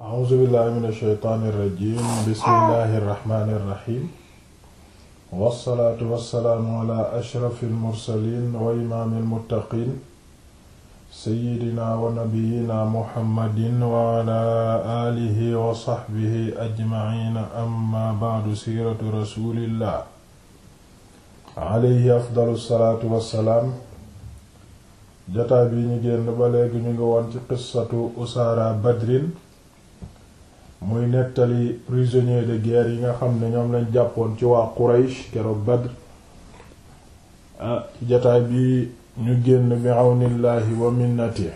a'uuzu billahi mina shaytaani rajiim bismillahi rahmaani rahiim wassalaatu wassalaamu ala ashrafil mursaliin wa imaamil muttaqiin sayyidina wa nabiyyina muhammadin wa ala aalihi wa sahbihi ajma'iin amma ba'du siiratu rasuulillah alayhi afdalu salaatu wassalaam jataa bi ñu génn ba léegi ñu ngi woon ci qissatu usaara badrin muy nettali prisonnier de guerre yi nga xam ne ñoom lañ jàppoon ci waa Quraysh keroog Badr ah ci jataay bi ñu génn bi awnillaahi wa minnati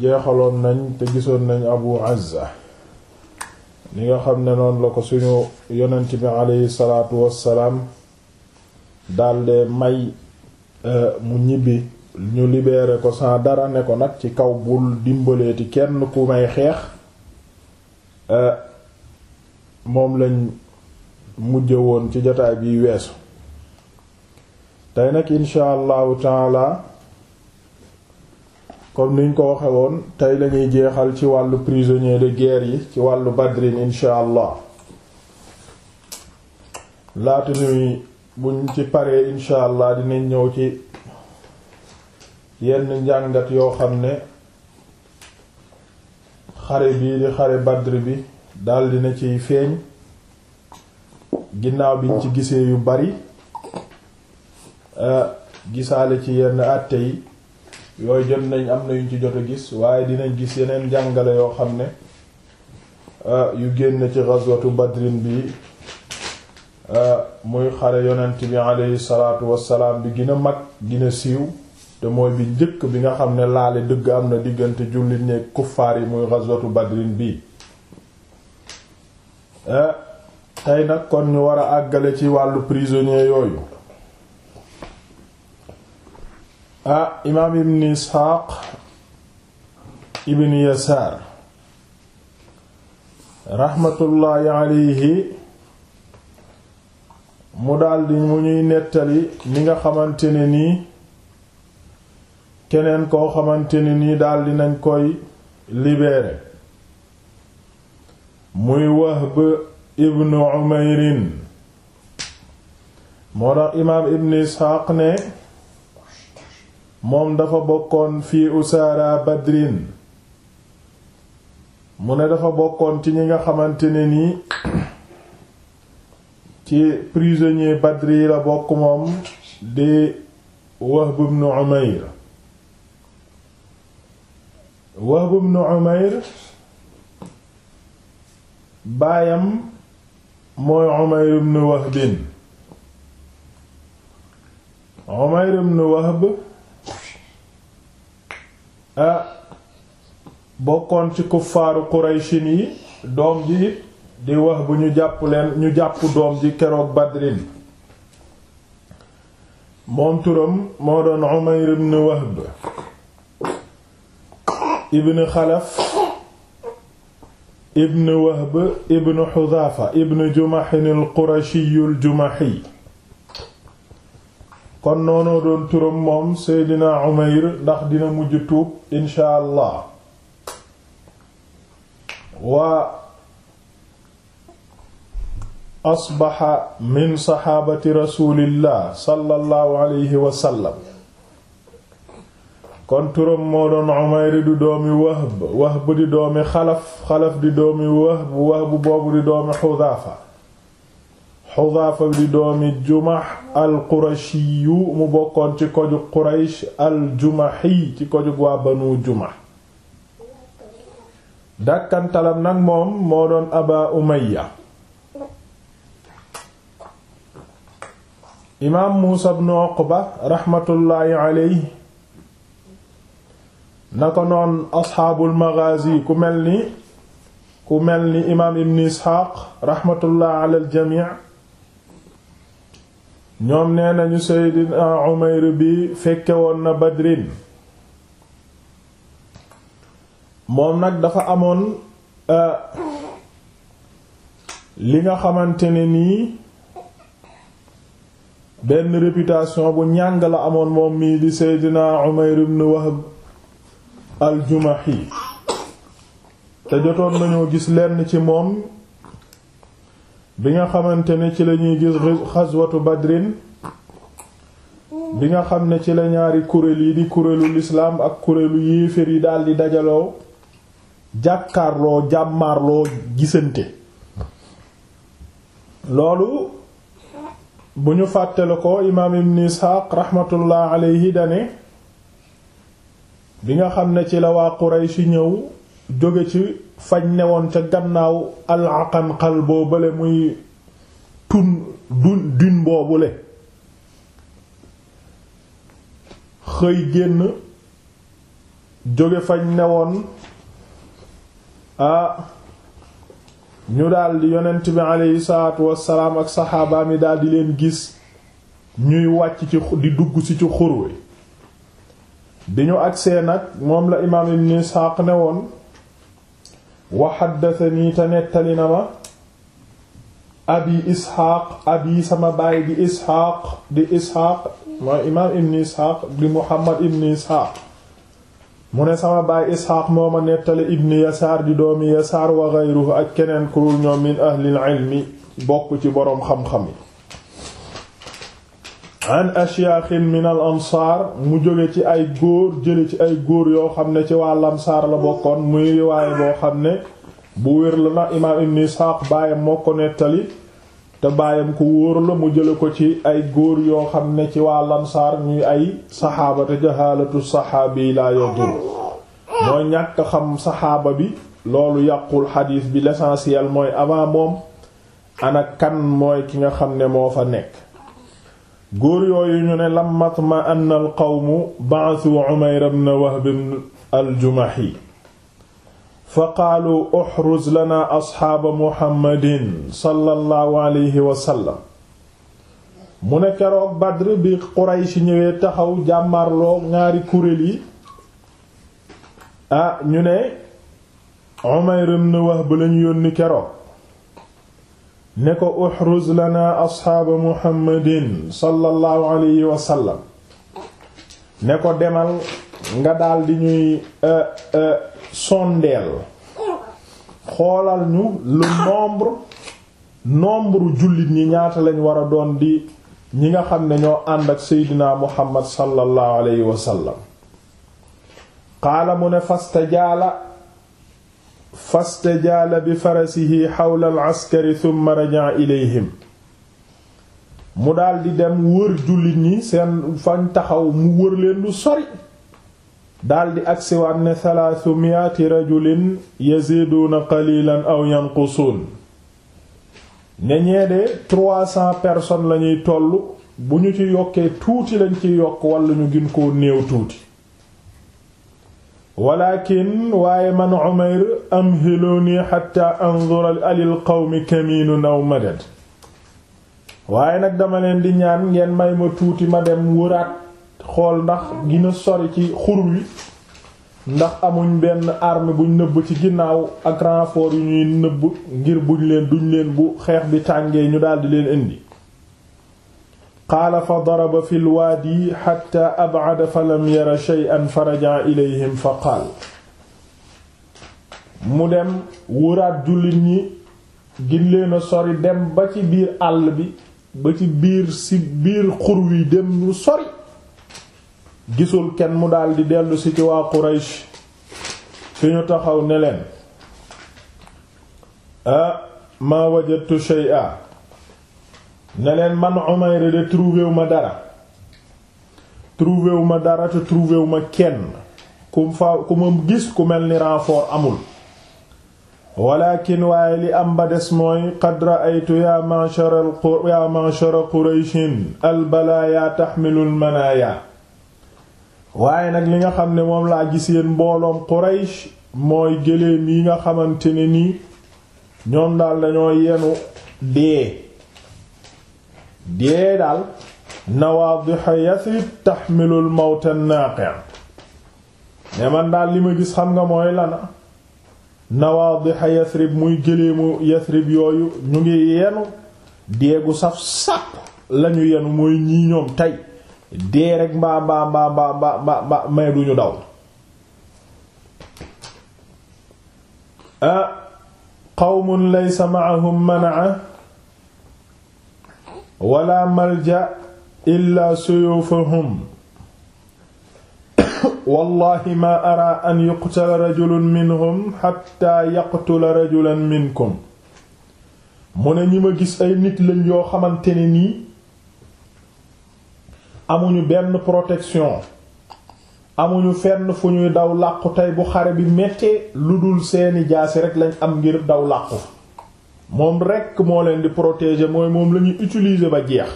jeexaloon nañ te gisoon nañ Abu Azza li nga xam ne noon la ko suñu yonent bi aleyhi salaatu wassalaam daldi may eh, mu ñibbi ñu libéré ko sans dara ne ko nag ci kaw bul dimbaleeti kenn ku may xeex euh, moom lañ mujje woon ci jotaay bi weesu tey nag insha allahu taala comme niñ ko waxe woon tey lañuy jeexal ci wàllu prisonnier de guerre yi ci wàllu badrin insha allah laata ñuy buñ ci paree insha allah dinañ ñëw ci yenn njàngat yoo xam ne xare bii di xare Badr bi daldi na ciy feeñ ginnaaw biñ ci gisee yu bari eh, gisaale ci yenn àtte yi yooyu jot nañ am na yuñ ci jot a gis waaye dinañ gis yeneen njàngale yoo xam ne eh, yu génn ci ghazwatu badrin bi eh, muy xare yonent bi aleyhi salaatu wassalaam bi gën mag gën siiw te mooy bi jëkk bi nga xam ne laale dëgg am na diggante jullit ne kuffaar yi muy ghazwatu badrin bi eh, tey nag kon ñu war a àggale ci wàllu prisonnier yooyu ah imaam ibn isxaaq ibn yasaar raxmatullaahi alayhi mu daldi mu ñuy nettali li nga xamante ne nii keneen koo xamante ne nii daal dinañ koy libéré muy Wahb ibnu Umayrin moo tax imaam ibn Isxaaq ne moom dafa bokkoon fii usaara badrin mu ne dafa bokkoon ci ñi nga xamante ne nii ci prisonnier badri la bokk moom di Wahb ibn Umayr Wahb ibn Umayr baayam mooy Umayr ibn Wahb bokkoon ci kuffaaru Qurayshin yi doom ji di Wahb ñu jàpp leen ñu jàpp doom ji keroog Badrin moom turam moo doon Umayr ibn Wahb ibn xalaf ibn wahb ibn xudaafa ibn jumaxin al qurashiyu al jumaxi kon noonu doon turam moom seydina umayr ndax dina mujj tuub insha allah waa asbaxa min saxaabati rasulillah sallallahu alayhi wa sallam kon turam moo doon Umayr di doomi Wahb Wahb di doomi Xalaf Xalaf di doomi Wahb Wahb boobu di doomi Xudaafa Xudaafa di doomi Jumax al-Qurashiyu mu bokkoon ci koju Quraysh al-Jumaxi ci koju waa Banu Jumax dàkkantalam nag moom moo doon Aba Umayya imaam Muusa ibn Uqba raxmatullaahi alayhi na ko noon asxaabul maghazi ku mel ni ku mel ni imaam ibn isxaaq raxmatullah ala aljamii ñoom nee nañu seydina umayr bi fekke woon na badrin moom nag dafa amoon euh, li nga xamante ne nii benn réputation bu ñàng la amoon moom mii di seydina umayr ibn wahb aljumahi te jotoon nañoo gis lenn ci moom bi nga xamante ne ci lañuy gis xaswatu badrin bi nga xam ne ci la ñaari kuréel yi di kuréelu lislaam ak kuréelu yéeféer yi daldi dajaloo jàkkaarloo jàmmaarloo gisante loolu bu ñu fàttale ko imaam ibn Isxaaq raxmatullah alayhi dane bi nga xam ne ci la waa Quraysh ñëw jóge ci fañ newoon ca gannaaw al-Aqanqal boobale muy tun dun dun boobule xëy génn jóge fañ newoon ah ñu daldi yonent bi aleyhi salaatu wassalaam ak saxaabaam yi daldi leen gis ñuy wàcc ci di dugg ci ci xurwe bi ñu agsee nag moom la imaam ibn isxaaq ne woon wa xaddatani te nettali na ma abi isxaaq abi sama baay di isxaaq di isxaaq mooy imaam ibn isxaaq di muhammad ibn isxaaq mu ne sama baay isxaaq moo ma nettali ibn yasaar di doomi yasaar wa geyruhu ak keneen kurul ñoom min ahlil ilmi bokk ci boroom xam-xam yi an ashyaaxin min al ansaar mu jóge ci ay góor jële ci ay góor yoo xam ne ci waa lamsaar la bokkoon muy riwaaye boo xam ne bu wér la na imaam ibn Isxaaq baayam moo ko nettali te baayam ko wóor la mu jële ko ci ay góor yoo xam ne ci waa lamsaar ñuy ay saxaaba te jahaalatu saxaabi laa yadur mooy ñàkk xam saxaaba bi loolu yàqul xadiis bi l'essentiel mooy avant moom ana kan mooy ki nga xam ne moo fa nekk góor yooyu ñu ne lamma tma'anna al qawmu ba'athu Umayr ibn Wahb al Jumahi fa qaalu uhruz lana asxaaba Muhammadin sallallahu alayhi wa mu ne keroog Badr bi Quraysh ñëwee taxaw jàmmarloo ñaari kuréel yi ah ñu ne Umayr ibn Wahb lañu yónni keroog ne ko uxruz lana asxaaba muhammadin sallallahu alayhi wa sallam ne ko demal nga daldi ñuy euh, euh, sondeel xoolal ñu le nombre nombre jullit ñi ñaata lañ war a doon di ñi nga xam ne ñoo ànd ak seydina muhammad sallallahu alayhi wa sallam qaala mu ne fastajaala bi farasihi xawla al askari thumma raja'a mu daldi dem wër jullit ñi seen fañ taxaw mu wër leen lu sori daldi agsiwaat ne thalaasu miyaati rajulin yaziduuna qalilan aw yanqusuun ne ñee de trois cents personnes lañuy tollu bu ñu ci yokkee tuuti lañ ci yokk walla ñu gin ko néew tuuti walakin waaye manu am Umayr amhiluni hatta anzura alil qawmi kaminun aw madad waaye nag dama leen di ñaan ngeen may ma tuuti ma dem wëraat xool ndax gina sori ci xur wi ndax amuñ benn arme buñ nëbb ci ginnaaw ak renfort yu ñuy nëbb ngir buñ leen duñ leen bu xeex bi tàngee ñu daldi leen indi qaala fa daraba fi lwaadi xatta abcada fa lam yara shay'an fa rajaca ilayhim fa qaal mu dem wuraat jullit ñi gilleen sori dem ba ci biir àll bi ba ci biir biir xur wi dem lu sori gisul kenn mu daldi dellu si ci fi ñu taxaw neleen leen ah maa wajadtu shay'a ne leen man Umayr de trouvé ma dara trouvé wu ma dara te trouvé wu ma kenn ku fa ma gis ku mel ni renfort amul walakin waaye li am ba des mooy qad ra'aytu ya ma'shar al ya ma'shar qurayshin al balaya tahmilu al manaya waaye nag li nga xam ne moom laa gis yéen mbooloom Quraysh mooy gëléem yi nga xamante ni nii ñoom daal dañoo yenu dee dee daal nawaadixa yasrib taxmilul mawta naaqi' ne man daal li ma gis xam nga mooy lana nawaadixa yasrib muy gëleemu yasrib yooyu ñu ngi yenu deegu saf sàpp lañu yenu mooy ñii ñoom tey dee rek mbaa mbaa mbaa mbaa mbaa mbaa may duñu daw ah, qawmun laysa ma'ahum mana'a wala malja illa suyufahum wallahi ma ara an yuqtala rajulun minhum hatta yaqtula rajulan minkum mu ne ñi ma gis ay nit lañ yoo xamante ni nii amuñu benn protection amuñu fenn fu ñuy daw làqu tey bu xare bi mettee lu dul seeni jaasi rekk lañ am ngir daw làqu moom rekk moo leen di protéger mooy moom la ñu utiliser ba jeex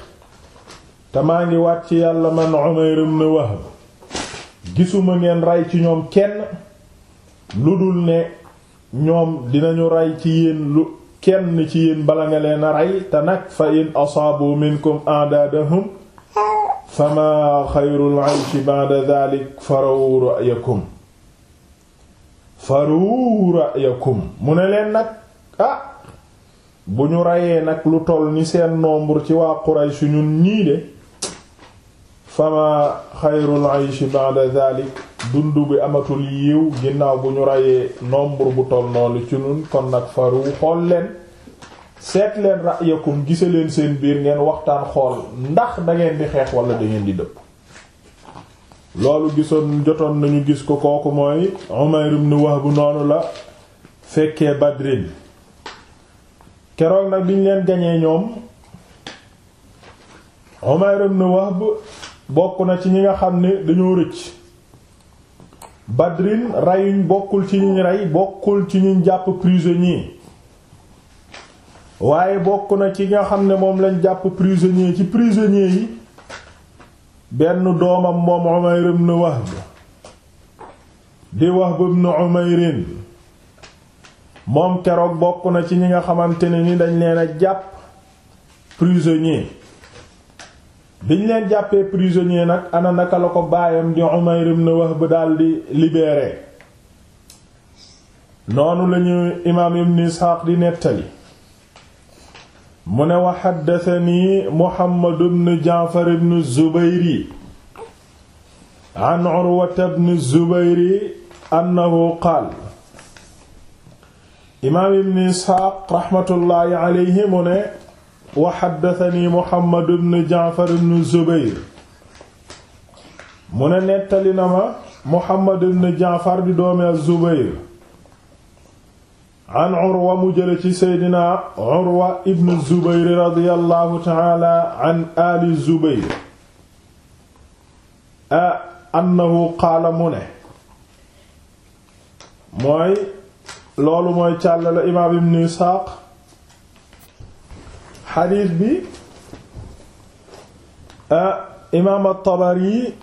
te maa ngi ci yàlla man Umayr ibn Wahb gisuma ngeen ray ci ñoom kenn lu dul ne ñoom dinañu ray ci yéen lu kenn ci yéen bala nga leen a rey te nag fa in asaabu minkum a'dadahum fama xayrul ayshi ba'da dhalik farawu ra'yakum farawu ra'yakum mu ne leen nag ah bu ñu rayee nag lu toll ni seen nombre ci waa Quraysh ñun nii de fama xayrul ayshi ba'da zalik dund bi amatul yiw ginnaaw bu ñu reyee nombre bu toll noonu ci ñun kon nag faru xool leen seet leen ra'yakum gise leen seen biir ngeen waxtaan xool ndax dangeen di xeex wala da ngeen di dëpp loolu gisoon jotoon nañu gis ko kooku mooy Umayr ibn bu noonu la fekkee Badrin keroog nag biñ leen gañee ñoom Umayr ibn bokk na ci ñi nga xam ne dañoo rëcc Badrin reyuñ bokkul ci ñiñ rey bokkul ci ñiñ jàpp prisonnier waaye bokk na ci nga xam ne moom lañ jàpp prisonnier ci prisonnier yi benn doomam moom Umayr ibn Wahb di Wahb ibn Umayrin moom keroog bokk na ci ñi nga xamante ne ni dañ leen a jàpp prisonnier biñ leen jàppee prisonnier nag ana naka la ko baayam di Umayr ibn Wahb daldi libéré noonu lañu imaam ibn Isxaaq di nettali mu ne wa xaddatani Muhammad ibn Jaafar ibn Zubayri an Urwata ibn Zubayri annahu qaala imaam ibn isxaaq raxmatullaahi mu ne wa xaddatani muhammad ibn mu ne nettali na ma muhammad ibn jaafar di doomi az-zubayr an urwa mu jële ci seydina urwa ibn zubayr radiyallahu taala ali zubayr a annahu qaala mu ne mooy loolu mooy càllale imaam ibn Isxaaq xadiis bi imaam at yi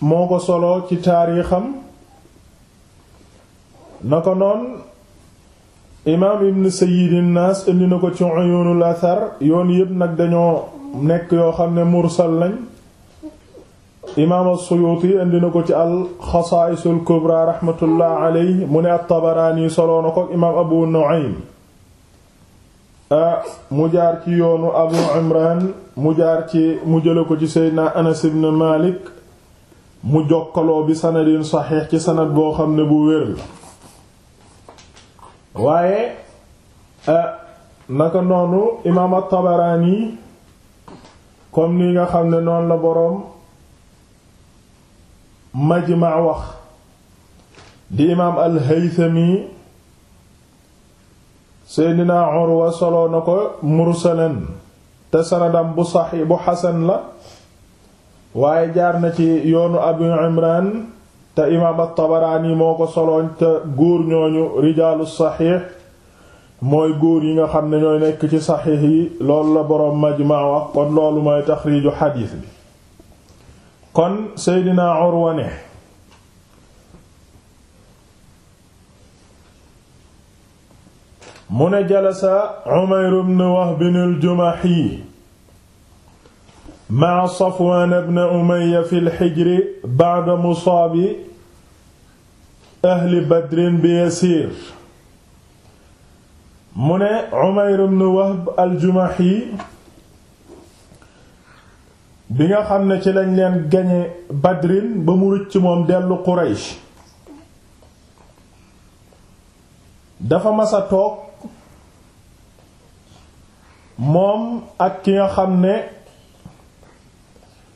moo ko solo ci taarixam na ko noon imaam ibn Sayyid an-Nas indi na ko ci Uyuunul Athar yoon yépp nag dañoo nekk yoo xam ne mursal lañ imaam suyuuti indi na ko ci al-Xasaa'is al-Kubraa rahmatullah alayhi mu ne at-Tabaraani soloo na ko imaam Abu Nu'aym ah, mu jaar ci yoonu Abu mu jaar ci mu jële ko ci Seydina Anas ibn Maalik mu jokkaloo bi sanadin saxiix ci sanad boo xam ne bu wér la waaye ah, naka noonu imaam at-Tabaraani comme ni nga xam ne noonu la boroom majma wax di imaam al-Haythami seydina Urwa soloo na ko mursalan te sanadam bu saxi bu xasan la waaye jaar na ci yoonu Abu Imran te imaam at-Tabaraani moo ko soloon te góor ñooñu rijaalu saxiix mooy góor yi nga xam ne ñooy nekk ci saxiix yi loolu la boroom majma wax kon loolu mooy taxriiju xadiis bi kon Seydina Urwa ne mu ne jalasa Umayr ibn Wahb al-Jumahi ma'a Safwan ibn Umayya fi al-Hijr ba'da musaabi ahli Badrin bi Yasiir mu ne Umayr ibn Wahb al-Jumahi bi nga xam ne ci lañ leen gañe badrin ba mu rëcc moom dellu Quraysh dafa masa toog moom ak ki nga xam ne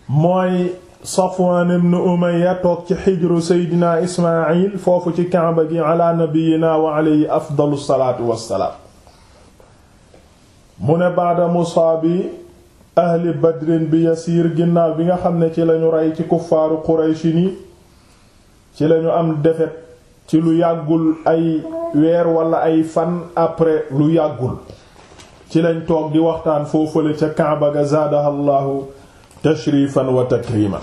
mooy Safwan ibn Umayya toog ci xijru seydina Ismaayil foofu ci Kaaba gi ala nabiyyina wa afdalu salaatu wassalaam mu ne baada musaabi ahli badrin bi yasiir ginnaaw bi nga xam ne ci lañu rey ci kuffaaru qurayshi ni ci lañu am defet ci lu yàggul ay weer wala ay fan après lu yàggul ci lañ toog di waxtaan foofale ca kaaba ga zaadaha allahu tashrifan wa takriman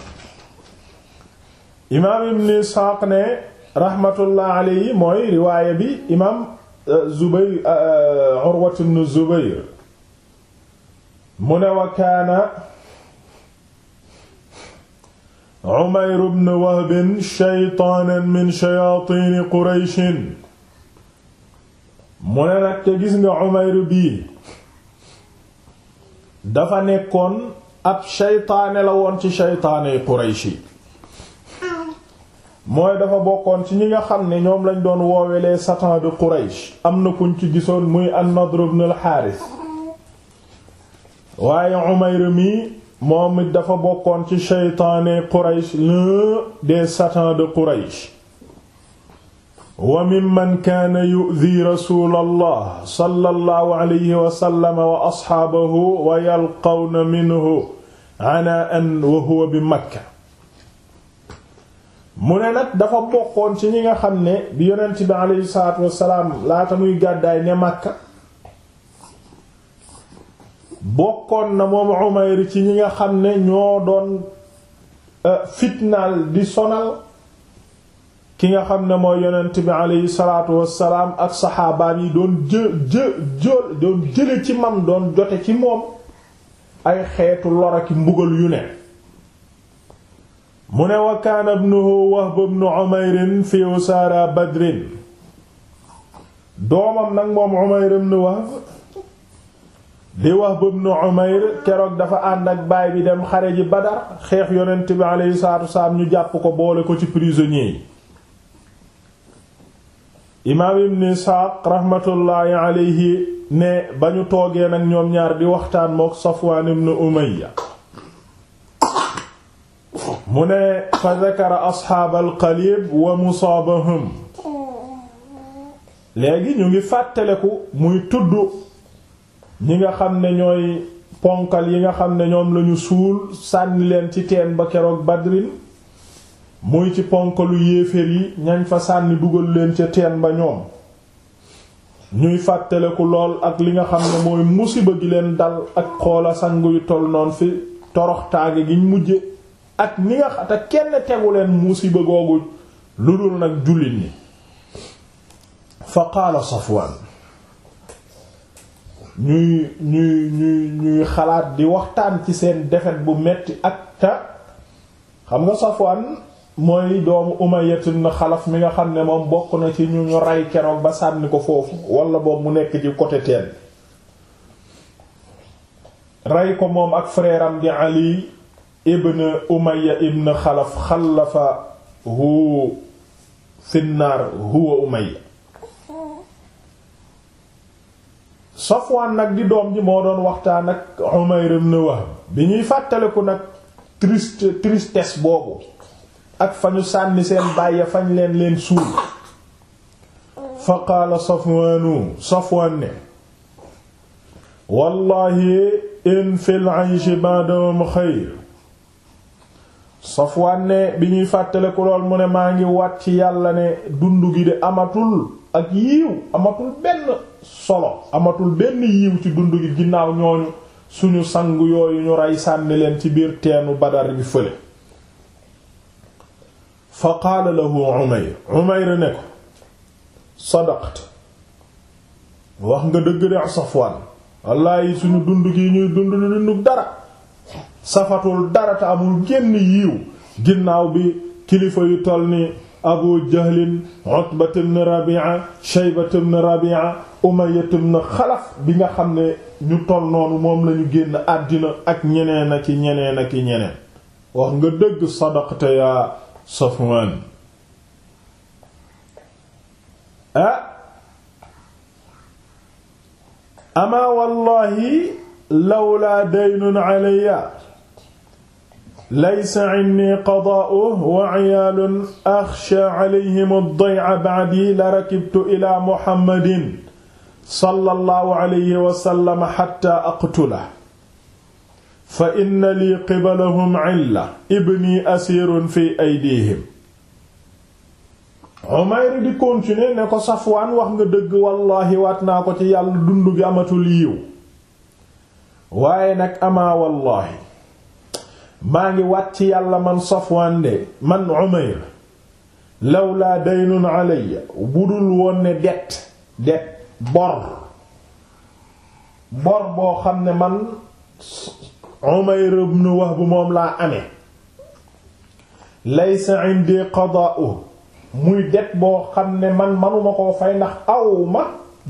imaam ibn ne rahmatullah mooy riwaaya bi imaam euh, zubayr euh, urwat zubayr mu ne wa kaana Umayr ibn Wahb shaytaanan min shayaatiini Qurayshin mu ne nag te gis nga Umayr bii dafa nekkoon ab shaytaane la woon ci shaytaane Quraysh mooy dafa bokkoon ci ñi nga xam ne ñoom lañ doon woowe les satans Quraysh am na kuñ ci gisoon muy an-Nadr ibn waaye Umayr mi moom it dafa bokkoon ci sheytaane Quraysh l'un des satans de Quraysh wa mimman kaana yu'dhi rasuulallah sallallahu alayhi wa sallam wa asxaabahu wa yalqawna minhu wa huwa bi Makka mu ne nag dafa bokkoon ci ñi nga xam ne bi yonent bi alayhi salaatu wa salaam laata muy gàddaay ne Makka bokkoon na moom Umayr ci ñi nga xam ne ñoo doon euh, fitnaal di sonal ki nga xam ne mooy yonent bi aleyhi salaatu wassalaam ak saxaabaan yi doon jë jë jë doon jële ci mam doon jote ci moom ay xeetu lor ak mbugal yu ne mu ne wa kaana ibnuhu Wahb ibnu Umayr fi usaara Badrin doomam nag moom Umayr ibnu di Wahb ibn Umayr keroog dafa ànd ak baay bi dem xare ji Badar xeex yonent bi aleyhi salaatu ñu jàpp ko boole ko ci prisonnier yi imaam ibn Isxaaq raxmatullaahi aleyhi ne ba ñu toogee nag ñoom ñaar di waxtaan mook Safwaan ibn Umayya mu ne fa dakara asxaabal qalib wa musaabahum léegi ñu ngi fàttaleku muy tudd ñi nga xam ne ñooy ponkal yi nga xam ne ñoom lañu suul sànni leen ci teen ba keroog badrin muy ci ponkalu yéeféer yi ñañ fa sànni dugal leen ca teen ba ñoom ñuy fàttaleku lool ak li nga xam ne mooy musiba gi leen dal ak xoola sang yu toll noon fi toroxtaange giñ mujje ak ni nga xam te kenn tegu leen musiba googu lu dul nag jullit ñi fa ñuy ñuy ñuy ñuy xalaat di waxtaan ci seen défaite bu metti ak ca xam nga Safwan mooy doomu Umayya ibn Xalaf mi nga xam ne moom bokk na ci ñu ñu rey keroog ba sànni ko foofu wala boobu mu nekk ci côté teen rey ko moom ak frère am di Ali ibn Umayya ibn Xalaf xalafahu finnaar huwa Umayya Safwan nag di doom ji moo doon waxtaan ak Umayr ibn Wahb bi ñuy fàttaliku nag triste boobu ak fa ñu sànni seen bàyyi fañ leen leen suul fa qaala Safwaanu Safwaan ne wallahi in fil ayshi ne bi ñuy fàttaliku lool mu ne maa ngi wat ci yàlla ne dund gi di amatul ak yiiw amatul benn solo amatul benn yiiw ci dund gi ginnaaw ñooñu suñu sang yooyu ñu rey sànni leen ci biir teenu badar bi fële fa qaala lahu umayr umayr ne ko sadaqta wax nga dëgg de safwaan wallaahi suñu dund gi ñuy dund lu dund dara safatul dara te amul génn yiiw ginnaaw bi kilifa yu toll nii abu jahlin utbat ibn rabia shaybat ibn rabia umayyat ibn xalaf bi nga xam ne ñu moom lañu génn àddina ak ñeneen ak ñeneen ak ñeneen wax nga dëgg sadaqta ya safwan ah ama wallahi lawla daynun alayya laysa inni qadaa'uhu wa ciyaalun axsha calayhim ad-dayca bacdii la rakibtu ilaa muhammadin sallallahu alayhi wa sallam xatta aqtulahu fa inna lii qibalahum cilla ibni asiirun fi aydiihim Umayr di continuer ne ko Safwaan wax nga dëgg wallaahi waat naa ko ci yàlla dund gi amatul yiw waaye nag amaa wallaahi maa ngi waat ci yàlla man Safwaan de man Umayr lawlaa daynun alayya budul woon ne det det bor bor boo xam ne man Umayr ibn Wahb moom laa amee laysa indi qadaa'u muy det boo xam ne man manuma koo fay ndax awma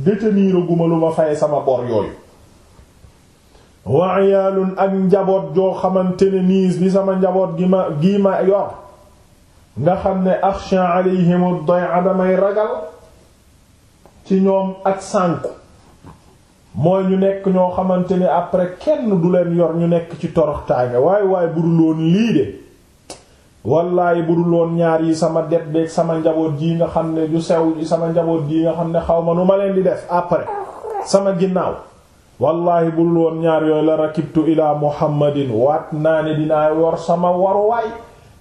détenir guma lu ma fay sama bor yooyu wa ayaalun ak njaboot joo xamante ne nii li sama njaboot gi ma gii ma yor xam ne axsha alayhim ad-day'a damay ragal ci ñoom ak sànku mooy ñu nekk ñoo xamante ne après kenn du yor ñu nekk ci toroxtaange waay waay bu dul woon lii de wallaahi bu dul woon ñaar yi sama det beeg sama njaboot ji nga xam ne ju sew ji sama njaboot ji nga xam ne xaw ma nu ma leen di def après sama ginnaaw wallahi bul woon ñaar yooyu la rakibtu ilaa muhammadin waat naa ne dinaa war sama waruwaay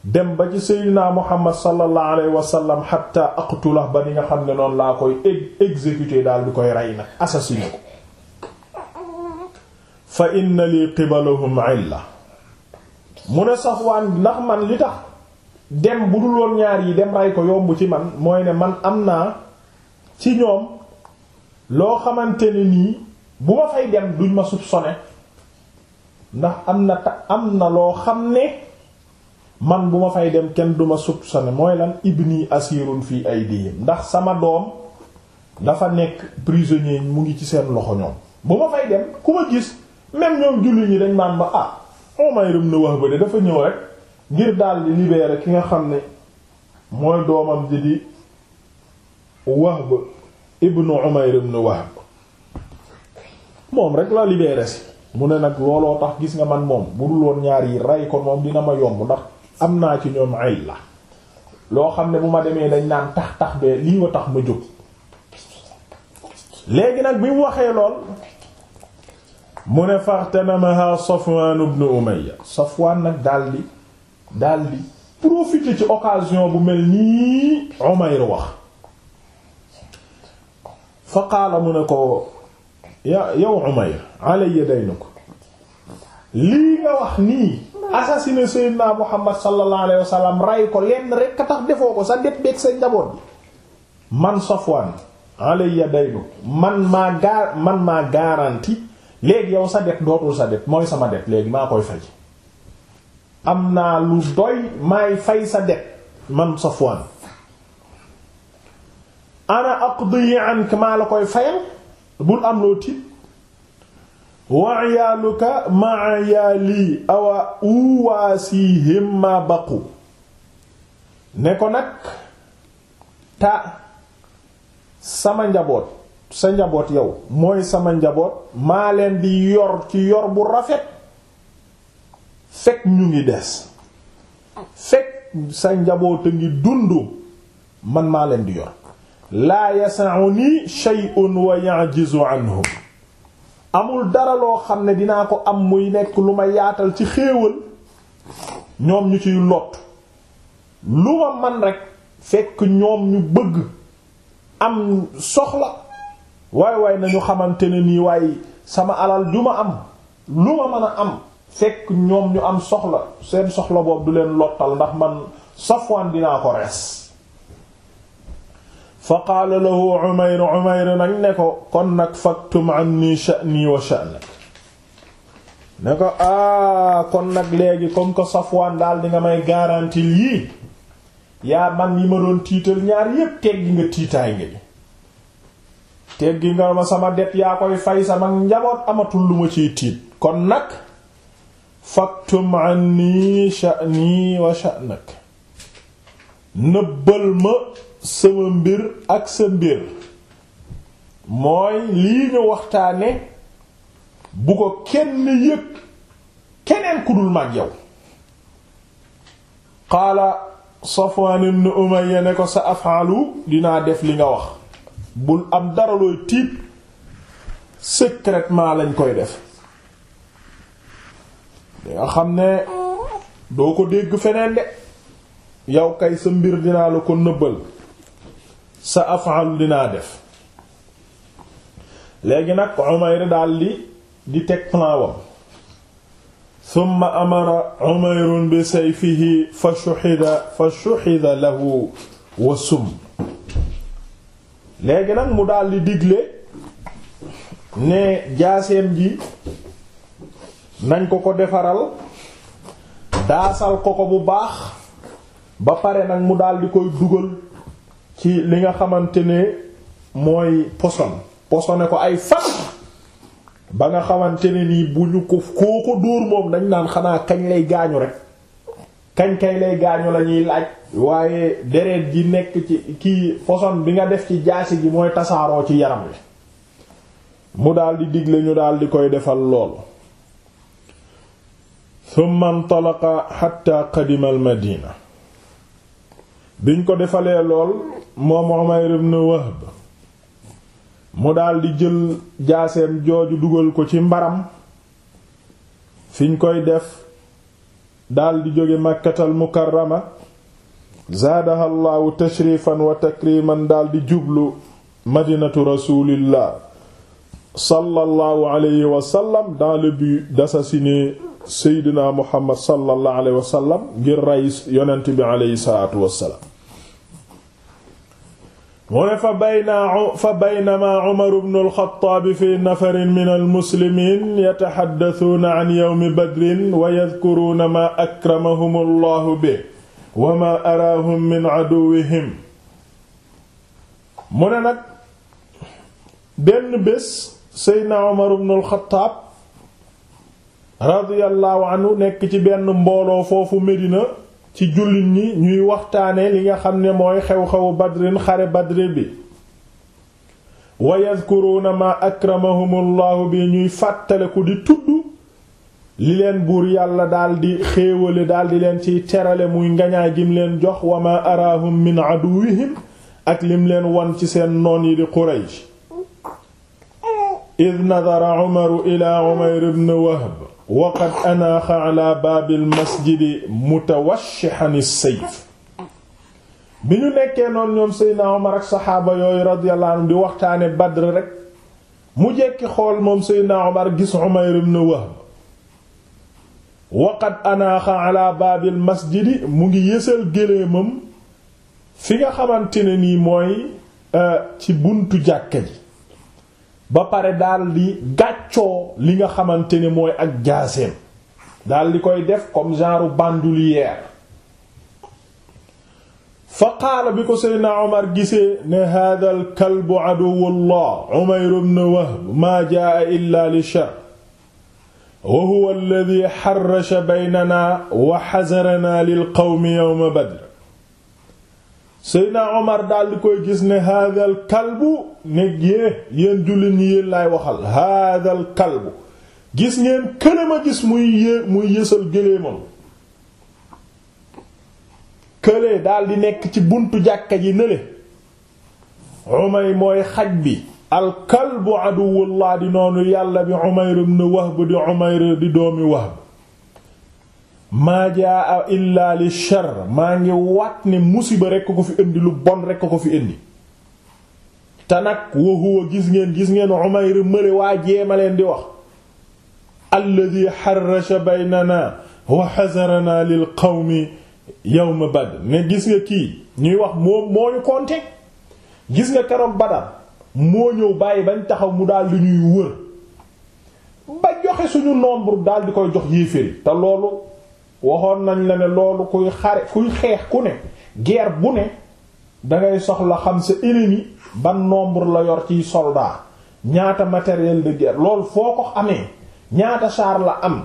dem ba ci seydinaa muhammad sallallahu alayhi wa sallam hatta aqtula ba ni nga xam ne noonu laa koy exécuté daal di koy rey nag assassiné ko fa inna lii qibalahum illa mu ne safwaan ndax man li tax dem bu dul woon ñaar yi dem rey ko yomb ci man mooy ne man am naa ci ñoom loo xamante nii bu ma fay dem duñ ma sone ndax am na ta am na loo xam ne man bu ma fay dem kenn du ma sone mooy lan ibni asirun fii ay aydihim ndax sama doom dafa nekk prisonnier mu ngi ci seen loxo ñoom bu ma fay dem ku ma gis même ñoom julli ñi dañ maan ba ah Umayrum na wax ba de dafa ñëw rek ngir daal di libérer ki nga xam ne mooy doomam ji di Wahb ibnu Umayr ibn Wahb moom rek la libéré si mu ne nag looloo tax gis nga man moom bu dul woon ñaar yi rey ko moom dina ma yomb ndax am naa ci ñoom ay la loo xam ne bu ma demee dañ naan tax tax bee lii nga tax ma jóg léegi nag bi mu waxee lool mu ne faxtanamaha Safwan ibn Umayya Safwan nag daldi daldi profiter ci occasion bu mel nii Umayr wax fa mu ne ko ya yow Umayr alayya daynuk lii nga wax nii assassiné Seydina Muhammad sallallahu alayhi wa rey ko lenn rek ka tax defoo ko sa det beeg sa njaboot bi man Safwan alayya daynuk man maa gaar man maa garanti léegi yow sa det dootul sa det mooy sama det léegi maa koy fay am naa lu doy maay fay sa det man Safwan ana aqdi anka maa la koy fayal bul am loo tiit wa iyaaluka maa yaali awa uwaasihim ma baqu ne ko nag ta sama njaboot sa njaboot yow mooy sama njaboot maa leen di yor ci yor bu rafet fekk ñu ngi des fekk sa njaboot a ngi dund man maa leen di yor laa yasa'uni shay'un wa ya'jizu anhu amul dara loo xam ne dinaa ko am muy nekk lu ma yaatal ci xéewal ñoom ñu ciy lott lu ma man rekk fekk ñoom ñu bëgg am soxla waay waay nañu xamante ne nii waaye sama alal ju ma am lu ma mën a am fekk ñoom ñu am soxla seen soxla boobu du leen lottal ndax man Safwan dinaa ko rees fa qaala lahu Umayr Umayr nag ne ko kon nag faktum anni sha'ni wa sha'nak ne ko aa ah, kon nag léegi comme que Safwaan daal di nga may garantie yii yaa man yi ma doon tiital ñaar yépp teggi nga tiitaay nga teggi nga ma sama det yaa koy fay sama njaboot amatul lu ma ciy tiit kon nag faktum anni sha'ni wa sha'nak nëbbal ma sama mbir ak sa mbir mooy lii ñu waxtaane bu ko kenn yëg keneen ku dul mag yow qaala Safwan ibn Umayya ne ko sa afaalu dinaa def li nga wax bul am dara looy tiit secrètement lañ koy def yoo xam ne doo ko dégg feneen de yow kay sa mbir dinaa la ko nëbbal sa af'alu dinaa def léegi nag Umayr daldi di teg plan wam summa amara Umayrun bi sayfihi fa shuhida fa shuhida lahu wa sum léegi nag mu daldi digle ne jaaseem ji nañ ko ko defaral daasal ko ko bu baax ba pare nag mu daldi koy dugal ci li nga xamante ne mooy poson posone ko ay fan ba nga xamante ne nii bu ñu ko koo ko dóor moom dañ naan xanaa kañ lay gaañu rek kañ kay lay gaañu lañuy laaj waaye deret ji nekk ci kii poson bi nga def ci jaasi gi mooy tasaaroo ci yaram wi mu daldi digle ñu di koy defal lool thumma intalaqa hatta qadima al biñ ko defalee lool moom Umayr ibn Wahb mu daldi jël jaaseem jooju dugal ko ci mbaram fiñ koy def daldi jóge Makkatal Mukarrama zaadahallaahu tashrifan wa takriman daldi jublu madinatu rasulillah sallallahu alayhi wa sallam dans le but d'assassiner Seydina Muhammad sallallahu alayhi wa ngir rey yonent bi alayhi salaatu wa mu ne fa bayna fa baynama Umar ibn al-Khattab fi nafarin min al-muslimin yatahaddasuuna an yawmi badrin wa yadhkuruuna maa akramahum Allahu bihi wa maa araahum min aduwwihim mu ne nag benn bés Seydina Umar ibn al-Khattab radiyallahu anhu nekk ci benn mbooloo foofu Medina ci jullit ñi ñuy waxtaane li nga xam ne mooy xew-xewu badrin xare badri bi wa yadkuruuna maa akramahumullahu bi ñuy fàttaleku di tudd li leen buur yàlla daldi xéewale daldi leen ciy terale muy ngañaay gim leen jox wa ma araahum min aduwihim ak lim leen won ci seen noon yi di Quraysh id nadara Umaru ila Umayr ibn Wahb waqad anaaxa ala baabil masjidi mutawashshihan as-sayf bi ñu nekkee noonu ñoom Seydina Omar ak saxaaba yooyu radiyallahu anhu di waxtaane Badr rek mu jekki xool moom Seydina Omar gis Umayr ibn Wahb waqad mu ngi yësal géléemam fi nga xamante nii mooy euh, ci buntu jàkka ji ba pare daal di gàccoo li nga xamante ni mooy ak jaaseem daal di koy def comme genre bandoulière fa qaala bi ko seydna omar gisee ne hada al kalbu aduwullah umayr ibn wahb maa jaa illa li shar wa huwa alladhi harrasha baynana wa lil qawmi yawma badr Seydina Omar daal koy gis ne haadal kalbu ne yée yéen jullit ñi yéen laay waxal haadal kalbu gis ngeen kële ma gis muy yësal gëléemam kële daal nekk ci buntu jàkka ji nële Umay mooy xaj bi al kalbu aduwullah di noonu yàlla bi Umayr ibn Wahb di Umayr di doomi Wahb maa jaa illa li sharr maa ngi wat ne musiba rekk ko fi indi lu bon rekk ko fi indi te nag wa huwa gis ngeen gis ngeen Umayr mële waa jeema leen di wax alladi xarracha baynana wa xasarana lil qawmi yawma Badr ne gis nga kii ñuy wax moom moo ñu konte gis nga keroog Badar moo ñëw bàyyi bañ taxaw mu daal di ñuy wër ba joxe suñu nombre daal di koy jox yéeféri te loolu waxoon nañ la ne loolu kuy xare xeex ku ne guerre bu ne dangay soxla xam sa ennemi ban nombre la yor ciy soldat ñaata matériel de guerre loolu foo ko amee ñaata char la am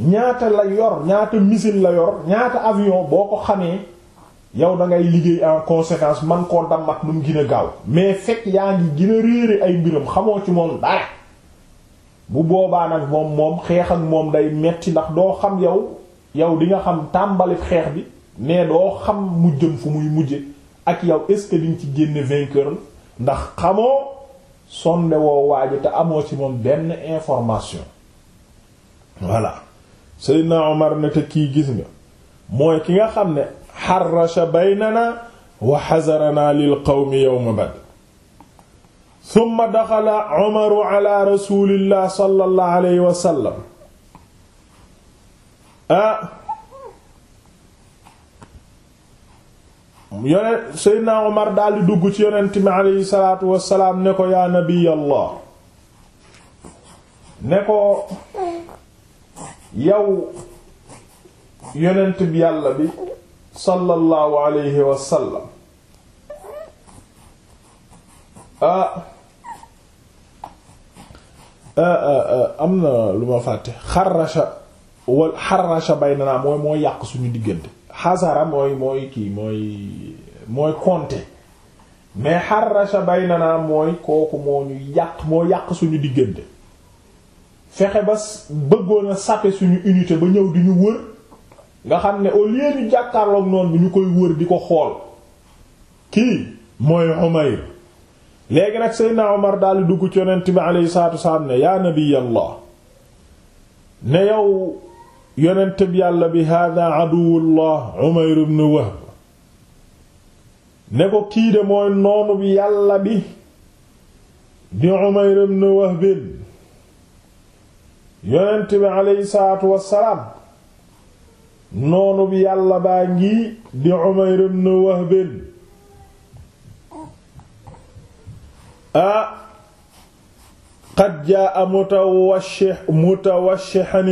ñaata la yor ñaata missile la yor ñaata avion boo ko xamee yow da ngay liggéey en conséquence man koo damm ak nu a gaaw mais fekk yaa ngi gën a réere ay mbiram xamoo ci moom dara bu boobaa nag moom moom xeex ak moom day metti ndax doo xam yow yow di nga xam tàmbali xeex bi mais doo xam mu mujjëm fu muy mujje ak yow est-ce liñ ci génne vainqueur ndax xamoo sonde woo waaji te amoo ci moom benn information voilà Seydina Omar ne te kii gis nga mooy ki nga xam ne xarracha baynana wa xazarana lil qawmi yawma Badr summa daxala Omaru ala rasulillah sallallahu alayhi wa ah yone Seydina Omar daldi dugg ci yonent mi aleyhi salaatu wassalaam ne ko yaa nabiyallah ne ko yow yonent bi yàlla bi sallallahu alayhi wasallam ah. ah, ah, am na lu ma fàtte xarasha wal bay nanaa mooy moo yàq suñu diggante xasara mooy mooy kii mooy mooy compter mais xarrasha baynana mooy kooku moo ñu yàq moo yàq suñu diggante fexe ba bëggoon a sape suñu unité ba ñëw di ñu wër nga xam ne au lieu ñu jàkkaarloog noonu bu ñu koy wër di ko xool kii mooy Umayr léegi nag Seydina Omar daal di dugg ci yonent bi aleyhi salaatu wasalaam ne yaa nabiyallah ne yow yonent yàlla bi ne ko kii de mooy noonu bi yàlla bi di umayr ibn wahb yonent bi salaatu wassalaam noonu bi yàlla baa ngi di umayr ibn wahb ah qad jaa mutawashih mutawashihan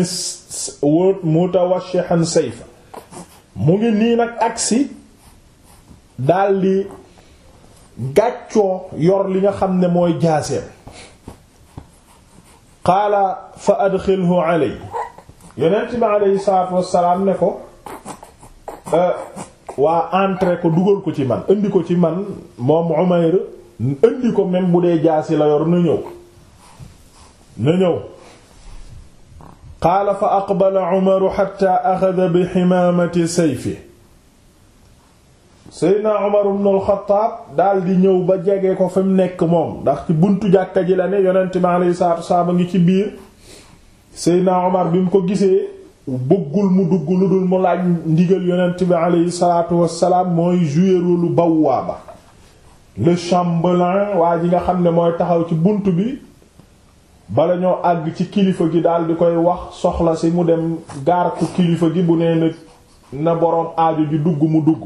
mutawashihan sayfa mu ngi nii nag agsi daldi gàccoo yor li nga xam ne mooy jaaseem qaala fa adxilhu aley yonent bi aleyhi salaatu wassalaam ne ko waa entrer ko dugal ko ci man indi ko ci man moom Umayr indi ko même bu dee jaasi la yor na ñëw na ñëw qaala fa aqbala umaru xatta axada bi ximaamati sayfi seydna umar ibn al-Xattaab daldi ñëw ba jege ko fi mu nekk moom ndax ci bunt jàkka ji la ne yonent mi alayhi salaatu wasalaam a ngi ci biir seydna umar bi mu ko gisee bëggul mu dugg lu dul mu laaj ndigal yonent bi alayhi salaatu wasalaam mooy jouer lu bawwaaba le chambellan waa ji nga xam ne mooy taxaw ci bunt bi bala ñoo àgg ci kilifa gi daal di koy wax soxla si mu dem gaar kilifa gi bu nee na na boroom aajo ji dugg mu dugg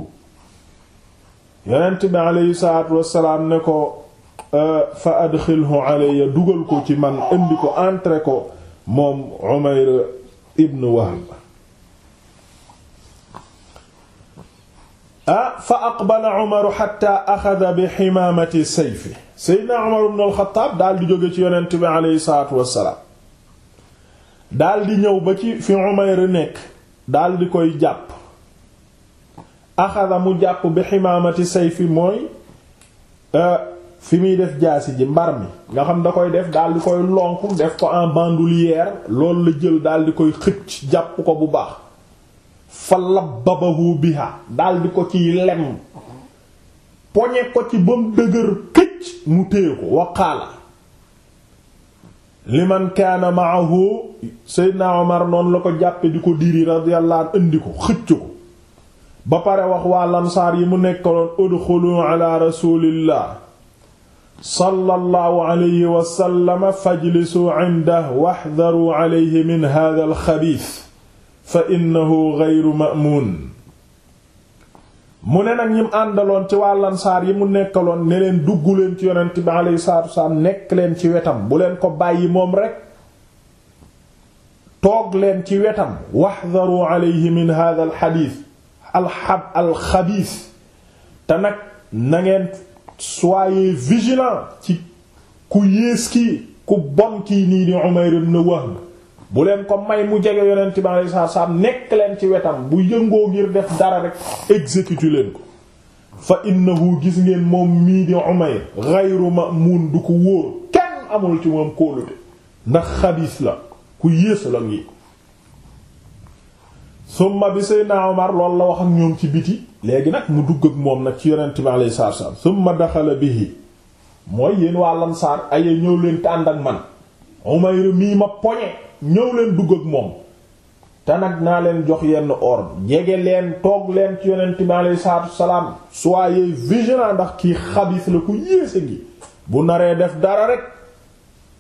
yonent bi aleyhi salaatu wassalaam ne ko fa adxilhu alayya dugal ko ci man indi ko entrer ko moom Umayr ibn Wahb ah fa aqbala Umaru hatta axada bi ximaamati sayfi seydna Umar ibn al-Khattab di jóge ci yonent bi aleyhi salaatu wassalaam daal di ñëw ba ci fi Umayr nekk daal di koy jàpp axada mu jàpp bi ximaamati fi mooy euh, fi muy def jaasi ji mbar mi nga xam da koy def daal di koy lonk def ko en bandoulière loolu la jël daal di koy xëcc jàpp ko bu baax fa labbabahu biha daal di ko ciy lem poñe ko ci ba mu dëgër këcc mu téye ko waqaala liman kaana maahu Seydina Omar noonu la ko jàppe di ko diri radiyallahu indi ko xëcc ko ba pare wax waa lamsaar yi mu nekkaloon udxulu ala rasulillah sallallahu alayhi wa sallam fajlisu indahu waxdaru alayhi min hadha alxabiis fa innahu ghayru ma'muun mu ne nag ñim àndaloon ci wàllansaar yi mu nekkaloon ne leen dugg leen ci yonent bi alayhi salaatu wasalaam nekk leen ci wetam bu leen ko bàyyi moom rek toog leen ci wetam waxdaru alayhi min hadha al alxab alxabiis te nag nangeen ngeen soyez vigilant ci ku yées kii ku bon kii nii di Umayr ibn Wahb bu leen ko may mu jege yonent bi alayhi nekk leen ci wetam bu yëngoo ngir def dara rek exécuter leen ko fa innahu gis ngeen moom mii di Umayr ghayru ma'mun du ko wóor kenn amul ci moom kóolute ndax xabiis la ku yéesu la ngi summa bi Seydina Omar loolu la wax ak ñoom ci biti léegi nag mu dugg ak moom nag ci yonent bi alayhi salaam summa daxala bihi mooy yéen waa Ansaar ay ñëw leen te ak man Umayr mii ma poñe ñëw leen dugg ak moom te nag naa leen jox yenn ordre jege leen toog leen ci yonent bi aleyhi salaatu salaam soyez vigilant ndax kii xabis la ku yéese gi bu naree def dara rek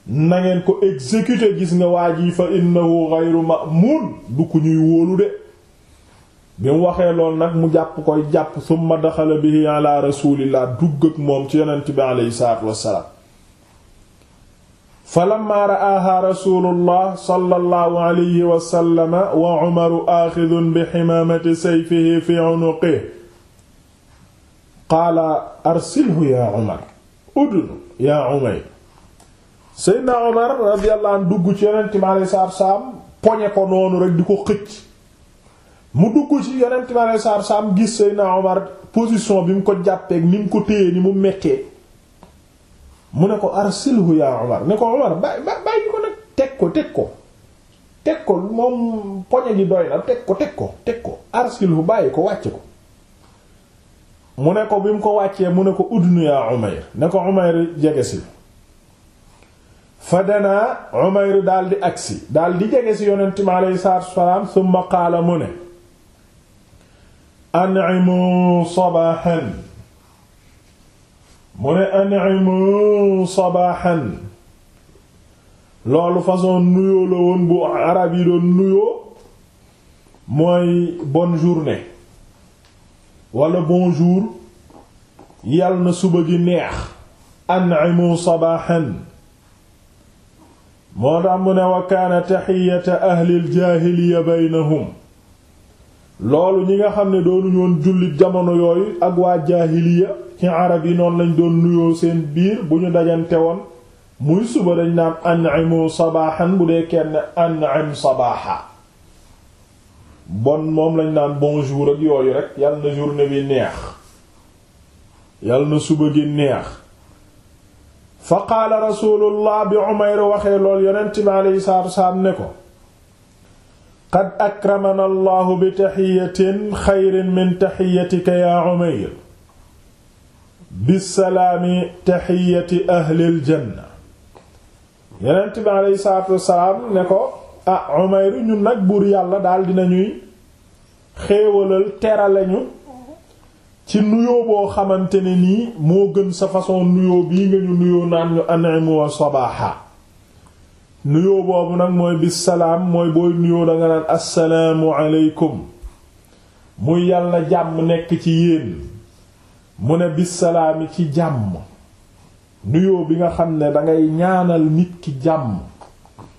na ngeen ko exécuter gis nga waa ji fa innahu ghayru ma'mun du ku ñuy wóolu de bi mu waxee lool nag mu jàpp koy jàpp summa daxala bihi ala rasulillah dugg ak moom ci yonent bi aleyhi salaatu wassalaam falamma ra'aaha rasuulullah sallallahu alayhi wa wa umaru aaxidun bi ximaamati sayfihi fi unuqihi qaala arsilhu yaa umar udnu yaa umayr seydna umar radiyallahu anhu dugg ci poñe ko noonu rek di ko xëcc mu dugg ci yonent mi alayhi gis seydna umar position bi mu ko jàppeek ni mu ko téye ni mu mettee mu ne ko arsilhu yaa Umar ne ko Umar bàyyi bàyyi ko nag teg ko teg ko teg ko moom poñe gi doy na teg ko teg ko teg ko arsilhu bàyyi ko wàcce ko mu ne ko bi mu ko wàccee mu ne ko udnu yaa Umayr ne ko Umayr jege si fa danaa Umayr daldi agsi daldi jege si yonent mi aleyhi salaatu wassalaam summa qaala mu ne an'imu sabahan mu ne an'imu sabahan loolu façon nuyoo la woon bu arab yi doon nuyoo mooy bonne journée wala bonjour yàlla na suba gi neex an'imu sabahan moo tax mu ne wa kaana tahiyyatu ahli al baynahum loolu ñi nga xam ne doonuñu woon jullit jamono yooyu ak waa jaahiliya ci arab yi noonu lañ doon nuyoo seen biir bu ñu dajante woon muy suba dañ naan an'imu sabaaxan bu dee kenn an'im sabaaxa bon moom lañ naan bonjour ak yooyu rek yàlla na journée bi neex yal na suba gi neex fa qaala rasulullah bi Umayr waxee lool yonent bi alayhi salaatu wasalaam ne ko qad akramana allahu bi taxiyatin xayrin min taxiyatika yaa umayr bisalaami taxiyati ahlil janna yonent bi aleyhi salaatu wasalaam ne ko ah umayr ñun nag buur yàlla daal dina ñuy xéewalal terale ñu ci nuyoo xamante ne moo gën sa façon nuyoo bii nga ñu nuyoo naan ñu an'imu wa sabaha nuyoo boobu nag mooy bisalaam mooy booy nuyoo danga naan assalaamu aleykum muy yàlla jàmm nekk ci yéen mu ne bisalaami ci jàmm nuyoo bi nga xam ne dangay ñaanal nit ki jàmm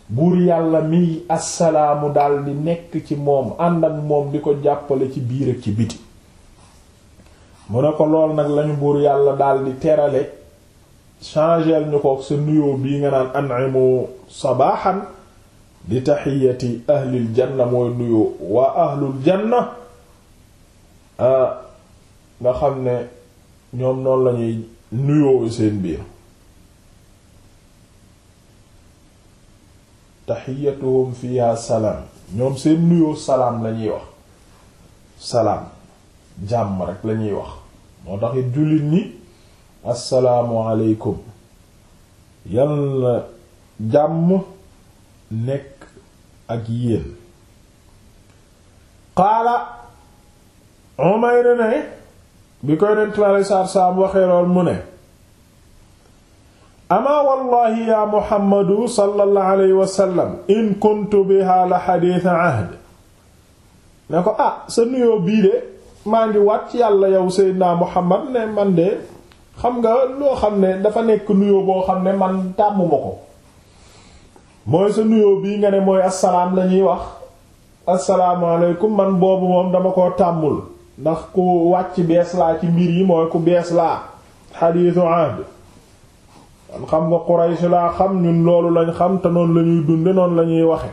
buur yàlla miy assalaamu daldi nekk ci moom ànd ak moom di ko jàppale ci biir ak ci biti mu ne ko lool nag lañu buur yàlla daldi terale changeel ñu ko sa nuyoo bii nga naan an'imu sabaaxan di taxiyati ahlil janna mooy nuyoo waa ahlul janna ah, nga xam ne ñoom noonu lañuy nuyoo seen biir taxiyatuhum fiha salaam ñoom seen nuyoo salaam lañuy wax salaam jàmm rek lañuy wax moo taxit jullit ñi assalaamu aleykum yal na jàmm nekk ak yéen qaala Umayr ne bi koy dentu alei saatu salaam waxee lool mu ne amaa wallahi ya Muhammadu sallallahu alayhi wa sallam in kuntu biha la xadiis ne ko ah sa nuyoo bii de maa ngi wàcc yàlla yow Seydina Muhammad ne man de xam nga loo xam ne dafa nekk nuyoo boo xam ne man tàmm ko mooy sa nuyoo bii nga ne mooy assalaam la ñuy wax asalaamaaleykum man boobu moom dama ko tàmmul ndax ku wàcc bees laa ci mbir yi mooy ku bees laa xadiisu ahd man xam nga Quraysh laa xam ñun loolu lañ xam te noonu la ñuy dunde noonu la ñuy waxe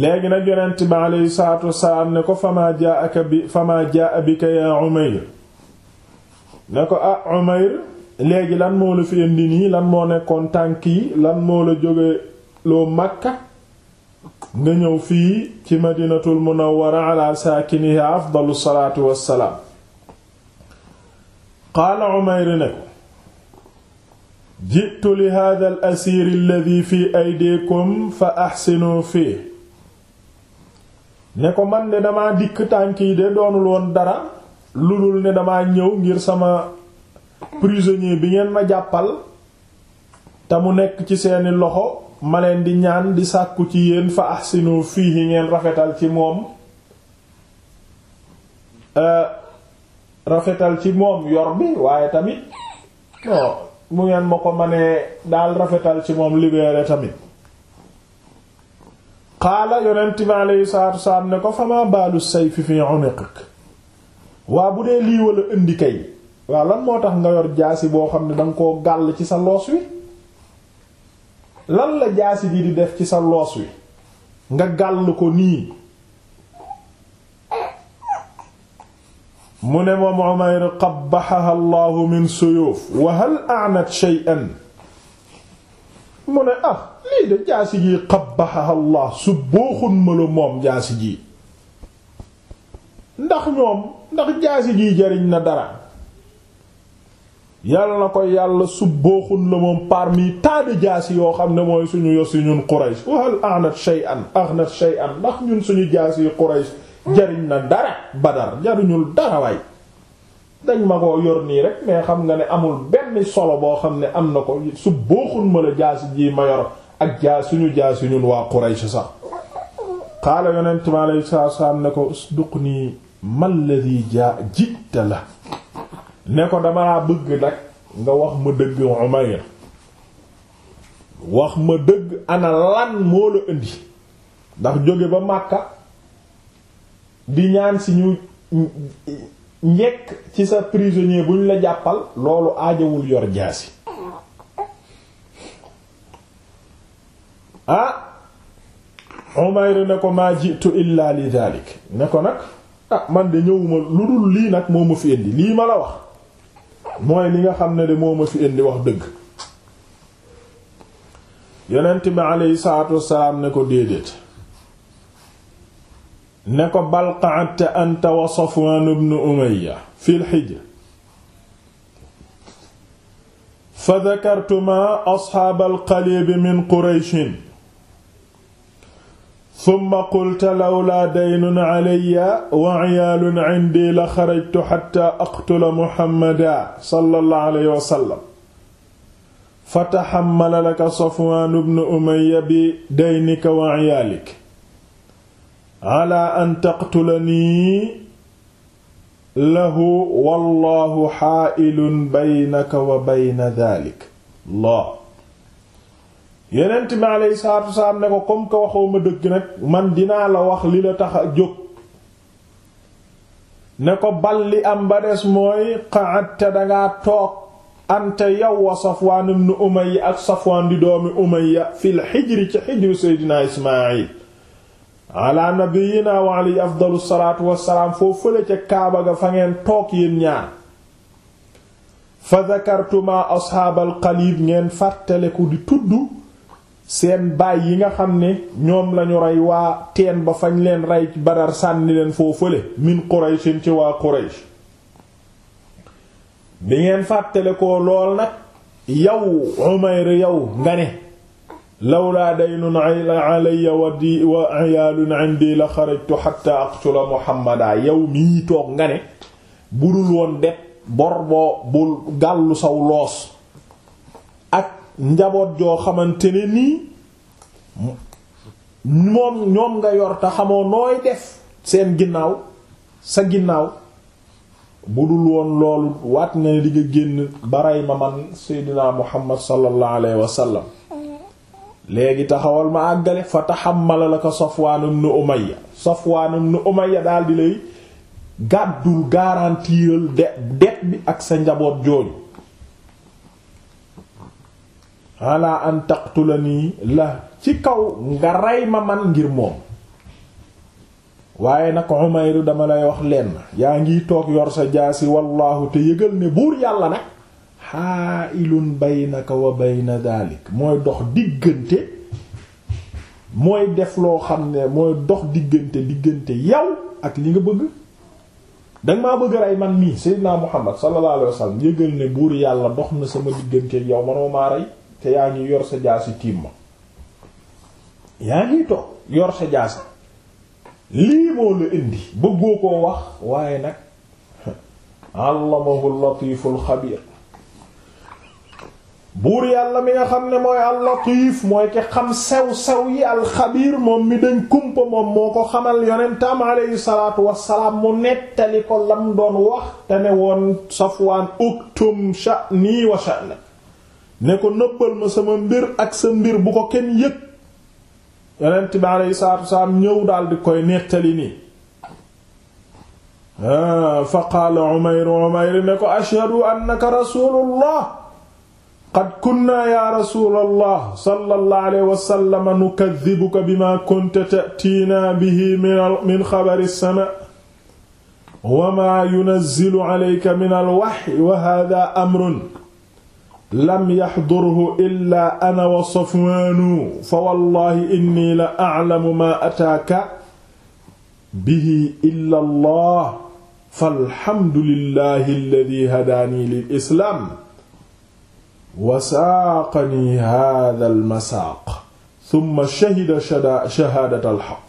léegi nag yonent bi aleyhi salaatu wasalaam ne ko fama jaaka bi fama jaa bika ya Umayr ne ko ah Umayr léegi lan moo la fi indi nii lan moo nekkoon tànk yi lan moo la jóge loo Makka nga ñëw fii ci madinatul munawwara ala saakiniha afdalu salaatu wassalaam qaala Umayr ne ko jitu li hada al asiir alladi fi aydikum fa axsinuu fii ne ko man de dama dikk tànk yi de doonul woon dara lu dul ne damaa ñëw ngir sama prisonnier bi ngeen ma jàppal te mu nekk ci seeni loxo ma leen di ñaan di sàkku ci yéen fa ahsinu fiihi ngeen rafetal ci moom euh, rafetal ci moom yor bi waaye tamit non mu ngeen ma ko mënee daal rafetal ci moom libéré tamit xaala yonent bi aleyhi salaatu wasalaam ne ko fama baalu sayfi fi unuqik waa bu dee lii wala indi kay waaw lan moo tax nga yor jaasi boo xam ne danga koo gàll ci sa loos wi lan la jaasi gi di def ci sa loos wi nga gàll ko nii mu ne moom Umayr qabbahaha Allahu min suyuf wa hal a'nat shay'an mu ne ah lii de jaasi ji qabbahaha Allah su booxun ma la moom jaasi ji ndax ñoom ndax jaasi jiy jariñ na dara yàlla na ko yàlla subbooxun la moom parmi tant de jaasi yoo xam ne mooy suñu yosi ñun Quraysh wahal aghnat shay'an aghnat shay'an ndax ñun suñu jaasi yi Quraysh jariñ na dara Badar jariñul dara waay dañ ma ko yor nii rek mais xam nga ne amul benn solo boo xam ne am na ko subbooxun ma la jaasi ji ma yor ak jaa suñu jaasi ñun waa Quraysh sax xaala yonent mi alayhi salaam ne ko nii malladi jaa jitta la ne ko dama laa bëgg nag nga wax ma dëgg Umayr wax ma dëgg ana moo la indi ndax jóge ba màkka di ñaan si ñu njekk ci sa prisonnier bu ñu la jàppal loolu aajawul yor jaasi ah Umayr ne ko maa jitu illa li dalik ne ko nag Ah, man de ñëwuma lu dul lii nag moo ma fi indi lii ma la wax mooy li nga xam ne de moo ma fi indi wax dëgg yonent bi aleyhi salaatu wassalaam ne ko déedéet ne ko balqa'ata anta wa Safwaan ibn Umayya fil hijr fa dhakartumaa ashaabal qaliib min Qurayshin summa qulta lawlaa daynun alayya wa ciyaalun cindi la xarajtu xatta aqtula muhammada sallallahu alayhi wa sallam fa taxammala laka safwaanu bnu umaya bi daynika wa ciyaalik alaa an taqtulanii lahu wallaahu xaa'ilun baynaka wa bayna daalik Allah yonent mi alayhi salaatu salaam ne ko comme que waxoo ma dëgg nag man dinaa la wax li la tax a jóg ne ko bal li am ba des mooy qa'adta dangaa toog ante yow wa Safwaan ibn Umayya ak Safwaan di doomi Umayya fil xijri ci xijri Seydina Ismaayil ala nabiyyina wa afdalu salaatu wassalaam foo fële ca Kaaba ga fa ngeen toog yéen ñaar fa dakartuma ashaabal qaliib ngeen fàttaleku di tudd seen baay yi nga xam ni ñoom lañu rey waa teen ba fañ leen rey ci Badar sànni leen foo fële min Quraysh ci waa Quraysh bi ngeen fàttale ko lool nag yow Umayr yow nga ne lawlaa daynun alayya wa di wa la xarajtu hatta aqtula Muhammadaa yow mii toog nga ne budul woon det bor boo gàllu saw loos njaboot joo xamante ne nii moom ñoom nga yor te xamoo nooy def seen ginnaaw sa ginnaaw bu dul woon loolu waat nga ne di nga génn baray ma man seydinaa muhammad sallallahu alayhi wa sallam léegi taxawal ma àggale fa taxammala la ko safwaanum nu umayya safwaanum nu umayya daal di lay gàddul garantiral de det bi ak sa njaboot jooju ala an taqtulani la ci kaw nga rey ma man ngir moom waaye nag Umayr dama lay wax lenn yaa ngi toog yor sa jaasi wallaahu te yëgal ne buur yàlla nag xaailun baynaka wa bayna daalik mooy dox diggante mooy def loo xam ne mooy dox diggante diggante yow ak li nga bëgg danga maa bëgg rey man nii Seydina Muhammad sallallahu alayhi wasallam yëgal ne buur yàlla dox na sama diggante yow manoo maa rey te yaa ngi yor sa jaasi tiim ma yaa ngi toog yor sa jaasi lii moo la indi bëggoo koo wax waaye nag allamahu latiful xabiir buur yàlla mi nga xam ne mooy al mooy ki xam sew-sew yi al-Xabiir moom mi dañ kumpa moom moo ko xamal yonentam alayhi salaatu wassalaam mu nettali ko lam doon wax te ne woon Safwaan uktum sha'ni wa sha'na ne ko nëbbal ma sama mbir ak sa mbir bu ko kenn yëg yonent bi aleyhi salaatu wasalaam ñëw daldi koy nettali nii fa qaala umayr umayr ne ko ashhadu annaka rasulullah qad kunna ya rasulallah sallallahu alayhi wa sallam nukadhibuka bima kunta ta'tina bihi min khabari as-sama wa ma yunazzilu alayka min al-wahyi wa hadha amrun lam yaxdurhu illa ana wa safwaanu fa wallahi inni la aclamu maa ataaka bihi illa allah falhamdulillahi alladi hadaani lil islaam wa saaqani haadal masaaq summa shahida shahaadatal xaq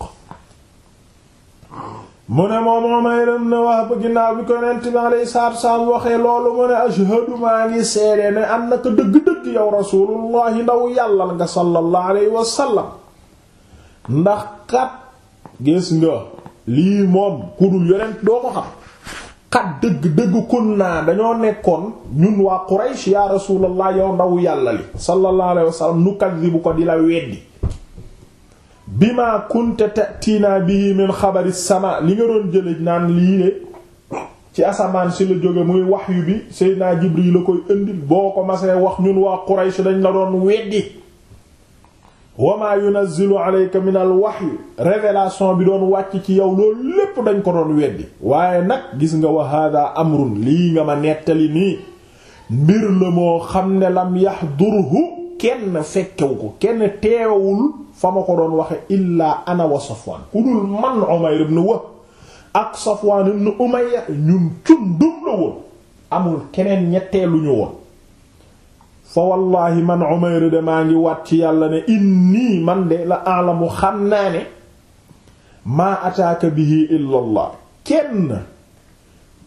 mu ne moom Umayr ibn ba ginnaaw bi ko yonent bi alayhi salaatu wassalaam waxee loolu mu ne ashhadu maa ngi seede ne annaka dëgg-dëgg yow rasuulullahi ndaw yàlla nga sallallahu alayhi wa sallam ndax kat moom ku dul yonent dëgg-dëgg kun naa dañoo nekkoon ñun waa Quraysh yaa rasuulallah yow ndaw yàlla li sallallahu alayhi wa sallam ko di la weddi bi ma bima kunta ta'tina bihi min xabari sama li nga doon jëlëj naan lii de ci asamaan si la jóge muy wahyu bi Seydina yi la koy ëndil boo ko masee wax ñun waa Quraysh dañ la doon weddi wa ma yunazzilu alayka min bi doon wàcc ci yow loolu lépp dañ ko doon weddi waaye nag gis nga wa hada amrun lii nga ma nettali nii mbir la moo xam ne lam yahdurhu kenn fekkewu ko kenn teewul fa ma ko doon waxe illaa ana wa Safwan ku dul man Umayr ibn Wahb ak Safwan ibn Umayya ñun cundum la woon amul keneen ñetteelu ñu woon fa wallahi man Umayr de maa ngi waat ci yàlla ne inni man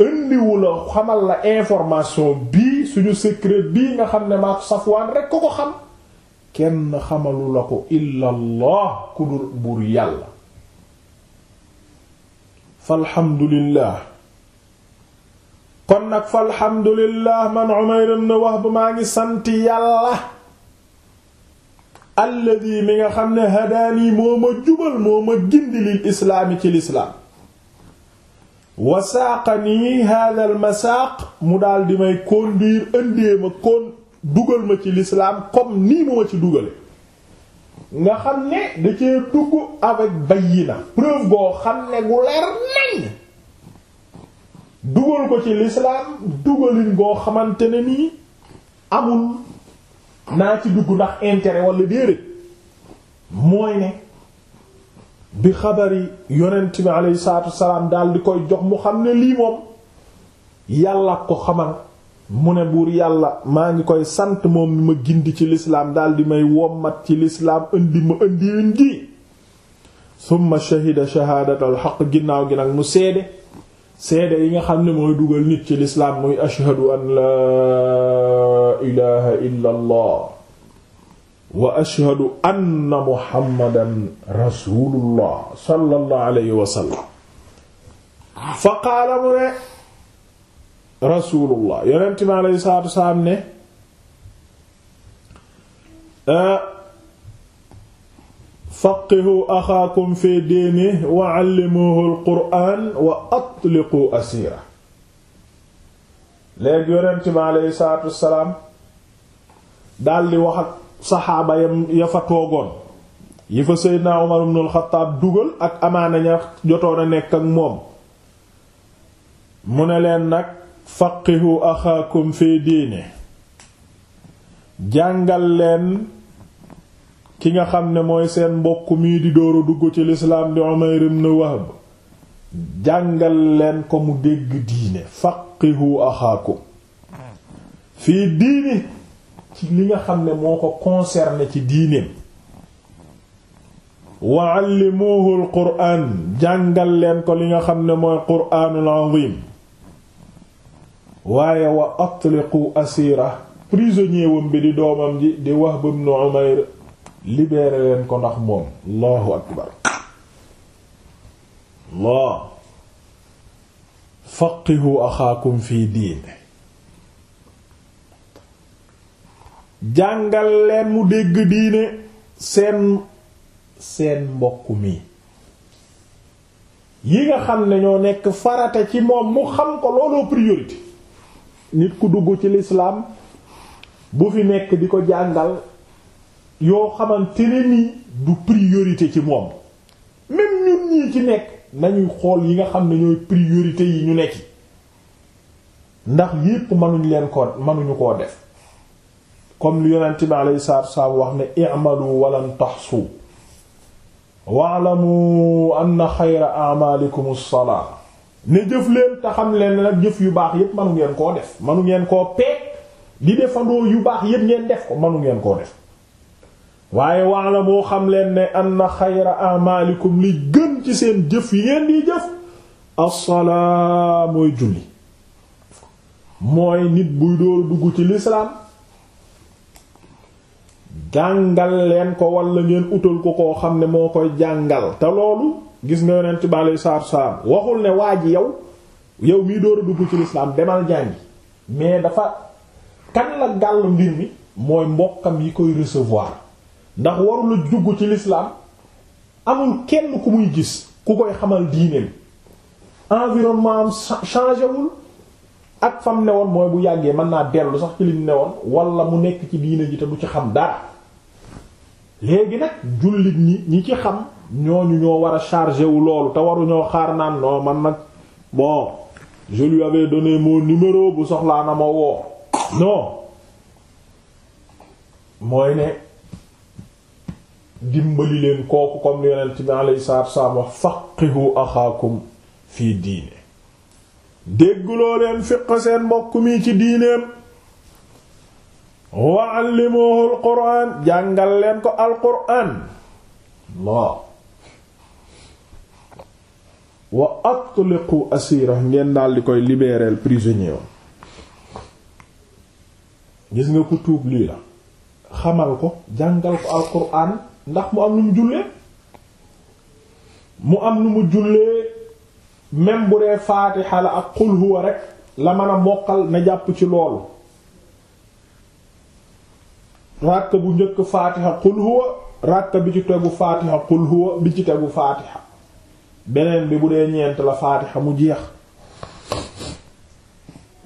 indiwu la xamal la information bii suñu secret bii nga xam ne maa Safwan rek ko ko xam kenn xamalu la ko allah ku dul buur yàlla falhamdulillah kon nag falhamdulillah man Umayr ibn Wahb maa ngi sant yàlla alladi mi nga xam ne hadaani moo ma jubal moo ma gindi lil islaami ci lislaam wasaaqanii hada al masaaq mu daal di may conduire ëndee ma kon dugal ma ci lislaam comme nii mu ma ci dugale nga xam ne da cee dugg avec bayyina preuve boo xam ne gu leer nañ dugal ko ci l'islam dugalin boo xamante ne nii amul naa ci dugg ndax intere wala déedéet mooy ne bi xabari yonent bi aleyhi salaam daal di koy jox mu xam ne lii moom yàlla ko xamal mu ne buur yàlla maa ngi koy sant moom mi ma gindi ci lislaam di may wommat ci lislaam indi ma indi indi summa shahida shahaadatal xaq ginnaaw gi nag mu seede seede yi nga xam ne mooy dugal nit ci lislaam muy ashhadu an laa ilaha illa wa ashhadu anna muhammadan rasulullah sallallahu alayhi wa sallam fa qaala mu ne rasulullah yonent bi alayhi salaatu ne ah, faqihu axaakum fi diini wa allimuhu alquraan wa atliqu asiira léegi yonent bi alayhi salaatu wasalaam daldi wax ak saxaaba ya fa toogoon yi fa seydina Umar ibn al dugal ak amaana ña jotoon a nekk ak moom mu ne leen nag faqihu axaakum fi diine jàngal leen ki nga xam ne mooy seen mbokk mii di dóoru dugg ci lislaam di Umayr ibn Wahb jàngal leen ko mu dégg diine faqihu axaakum fii diine ci li nga xam ne moo ko concerné ci diineem wa allimuhu al quraan jàngal leen ko li nga xam ne mooy quraanul azim waaye wa atliqu asira prisonnier wam bi di doomam ji di Wahb ibn Umayr libéré leen ko ndax moom allahu akbar allah faqihu axaakum fii diine jàngal leen mu dégg diine seen seen mbokk mi yi nga xam ne ñoo nekk farata ci moom mu xam ko looloo priorité nit ku dugg ci lislaam bu fi nekk di ko jàngal yoo xamante ne du priorité ci moom même ñun ñii ci nekk nañuy xool yi nga xam ne ñooy priorité yi ñu nekki ndax yépp mënuñ leen ko mënuñu koo def comme li yonent bi alayhi salaatu wassalaam wax ne i'malu walan tahsu wa'lamu anna xayra a'malikum as-salaa ne jëf leen te leen nag jëf yu baax yépp manu ngeen koo def manu ngeen koo peeg di defandoo yu baax yépp ngeen def ko manu ngeen koo def waaye wax na moo xam leen ne anna xayra amalikum li gën ci seen jëf yi jëf as-salaa julli mooy nit buy dóor dugg ci lislaam jàngal leen ko walla ngeen utal ko koo xam ne moo koy jàngal te loolu gis nga yonent bi aleyhi salaatu salaam waxul ne waa ji yow yow mii door dugg ci lislaam demal jàngi mais dafa kan la gàll mbir mi mooy mbokkam yi koy recevoir ndax warula dugg ci lislaam amul kenn ku muy gis ku koy xamal diineem environnement am changé ak fam ne woon mooy bu yàggee mën naa dellu sax ci lim ne woon wala mu nekk ci diine ji te bu ci xam dara léegi nag jullit ñi ñi ci xam ñooñu ñoo war a chargé wu loolu te waruñoo xaar naan non man nag bon je lui avais donné mon bu soxlaa na ma woo non mooy ne dimbali leen kooku comme li yonent bi alayhi salaatu wassalaam wax faqihu axaakum fii diine déggloo leen fiq seen mbokk mi ci diineem wa allimuhu alquraan jàngal leen ko alquraan Allah wa atliqu asira ngeen daal di koy libérer prisonnier gis nga ko tuub lii la xamal ko jàngal ko alquran ndax mu am lu mu jullee mu am lu mu même bu dee faatixa la ak qul huwa rek la mën a mokkal na jàpp ci loolu ràkk bu njëkk faatixa qul huwa ràkk bi ci tegu faatixa qul bi ci tegu faatixa beneen bi bu dee ñeent la faatixa mu jeex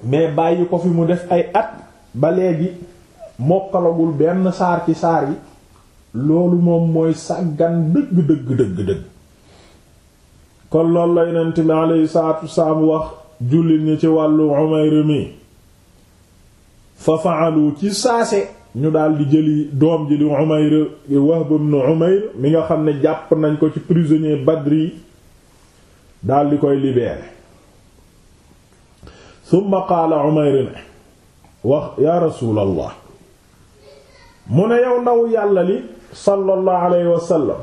mais bàyyi ko fi mu def ay at ba léegi mokkalagul benn saar ci saar yi loolu moom mooy sàggan dëgg dëgg dëgg dëgg kon loolu la yonent bi alayhi salaatu wasalaam wax jullit ñi ci wàllu mi fa faalu ci saase ñu daal di jëli doom ji li Umayr Wahb ibn Umayr mi nga xam ne jàpp nañ ko ci prisonnier Badri daal di koy libérer summa qaala Umayr ne wax yaa rasuulallah mu ne yow ndaw yàlla li sallallahu alayhi wa sallam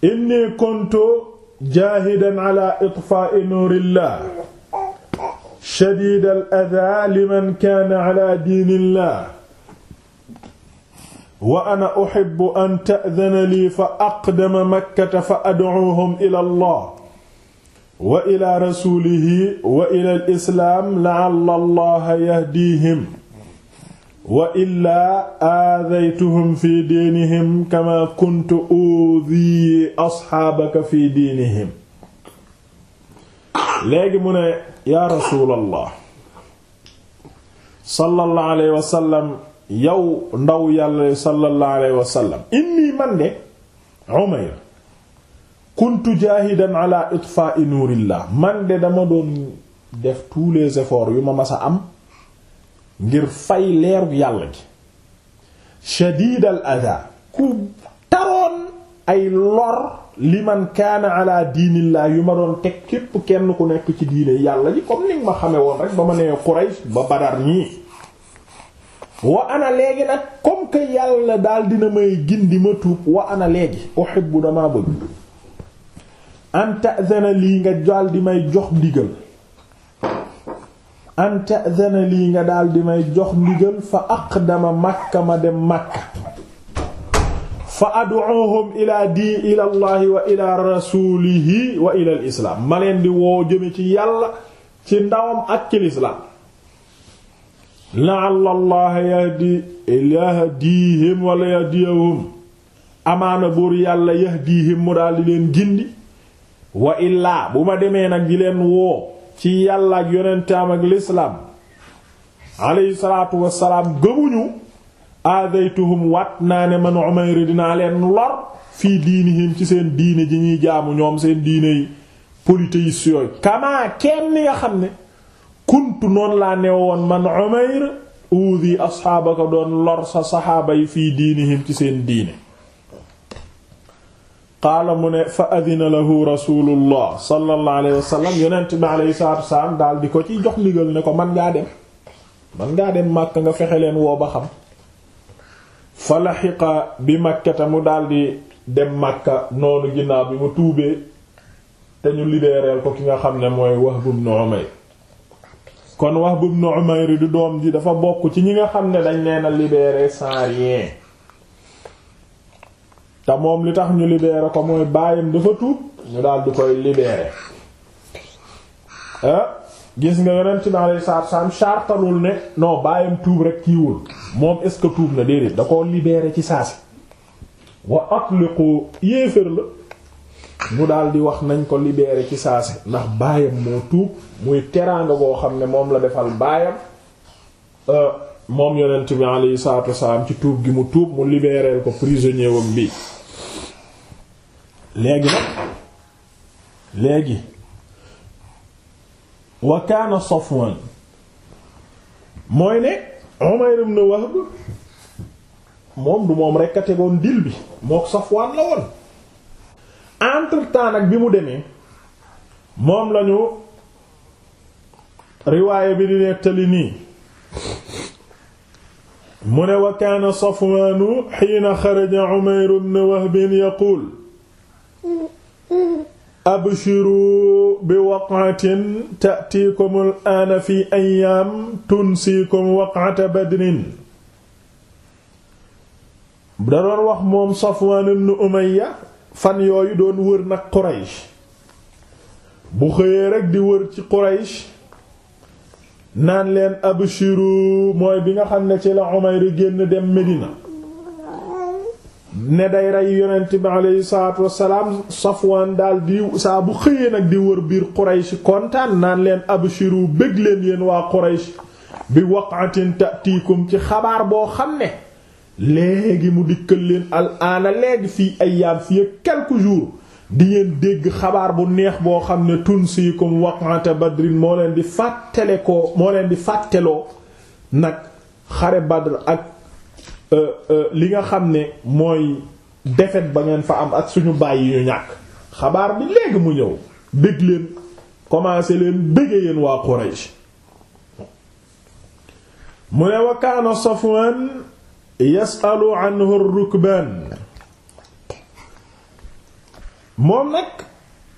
inni kuntu jaahidan ala itfaa'i nuurillah shadiidal adaa liman kaana ala diinillah wa ana uhibbu an ta'dhana lii fa aqdama makkata fa ad'uuhum ila allah wa ila rasuulihi wa ila al-islaam la'alla allaha yahdiihim wa illaa aadaytuhum fi diinihim kamaa kuntu uudhii asxaabaka fi diinihim léegi mu ne yaa rasuulallah sallallahu alayhi wa sallam yow ndaw yàlla sallallahu alayhi wa sallam man de Umayr kuntu jaahidan ala itfaa'i nuurillah man de dama doon def tous les efforts yu ma masa am ngir fay leeru yàlla gi shadiidal adaa ku taroon ay lor li man kaana ala diinillah yu ma doon teg képp kenn ku nekk ci diine yàlla ji comme ni ma xame woon rek ba ma nee Quraysh ba Badar ñii wa ana léegi nag comme que yàlla daal dina may gindi ma tuub wa ana léegi uhibbu damaa bëgg an ta'zana lii nga daal di may jox ndigal an ta'zana lii nga daal may jox ndigal fa aqdama makka ma dem makka fa ad'uhum ila di ila allahi wa ila rasulihi wa ila al ma leen di woo jëme ci yàlla ci ndawam ak ci lislaam la'alla allaha yahdi yahdihim wala yahdiyahum amaana buur yàlla yahdihim mu daal di leen gindi wa illaa bu ma demee nag di leen woo ci yàlla ak yonentaam ak lislaam aleyhi salaatu wassalaam gëmuñu aadaytuhum wat naa ne man umayr dinaa leen lor fii diinihim ci seen diine ji ñuy jaamu ñoom seen diine yi polythéistes yooyu kamaa kenn nga xam ne kuntu noonu laa nee woon man Umayr uudi asxaabaka doon lor sa saxaaba yi fii diinihim ci seen diine qaala mu ne fa adina lahu rasulullah sallallahu alayhi wasallam yonent bi alayhi salaatu wasalaam daal di ko ci jox ndigal ne ko man ngaa dem man ngaa dem màkk nga fexe leen woo ba xam fa laxiqa bi makkata mu daldi dem màkka noonu ginnaaw bi mu tuubee te ñu libéréel ko ki nga xam ne mooy Wahb ibn Umayr kon Wahb ibn Umayr di doom ji dafa bokk ci ñi nga xam ne dañ leen a libéré sans rien te moom li tax ñu libéré ko mooy baayam dafa tuub ñu daal di koy libéré ah, gis nga yonent bi alayhi salaatu salaam chartalul ne non baayam tuub rek kiiwul moom est ce tuub na déedéet da koo libeere ci saasi wa atliqu yéefér la mu daal di wax nañ ko libeere ci saase ndax baayam moo tuub muy teraanga boo xam ne moom la defal baayam euh, moom yonent bi alayhi salaatu wasalaam ci tuub gi mu tuub mu libéré ko prisonnier wam bi léegi nag léegi wa kaana Safwan mooy ne Umayr ibn Wahb moom du moom rekk a tegoon dil bi mook Safwan la woon entre temps bi mu deme moom lañu riwaaye bi di nettali nii mu ne wa kaana safwaanu xiina xaraja umayr ibn wahb yaquul abshiru bi waqatin taatiikum fi ayaam tunsiikum waqata badrin da wax moom safwaan ibn umayya fan yooyu doon wër nag Quraysh bu xëyee rek di wër ci Quraysh naan leen abshiru mooy bi nga xam ne ci la Umayr génn dem Medina ne day rey yonent bi aleyhi salaatu wassalaam Safwaan daal di saa bu xëyee nag di wër biir Quraysh kontaan naan leen abshiru bég leen yéen waa Quraysh bi waqatin ta'tikum ci xabaar boo xam ne léegi mu dikkal leen al aana léegi fii ayyaam fii quelques jour di ngeen dégg xabaar bu neex boo xam ne tunsiikum waqata badrin moo leen di fàttale ko moo leen di fàtteloo nag xare badr ak euh, euh, li nga xam ne mooy défaite ba ngeen fa am ak suñu bàyyi ñu ñàkk xabaar bi léegi mu ñëw bég leen commencé leen bégee yéen waa Quraysh mu ne wa kaana yasalu anhu ar-rukbaan moom nag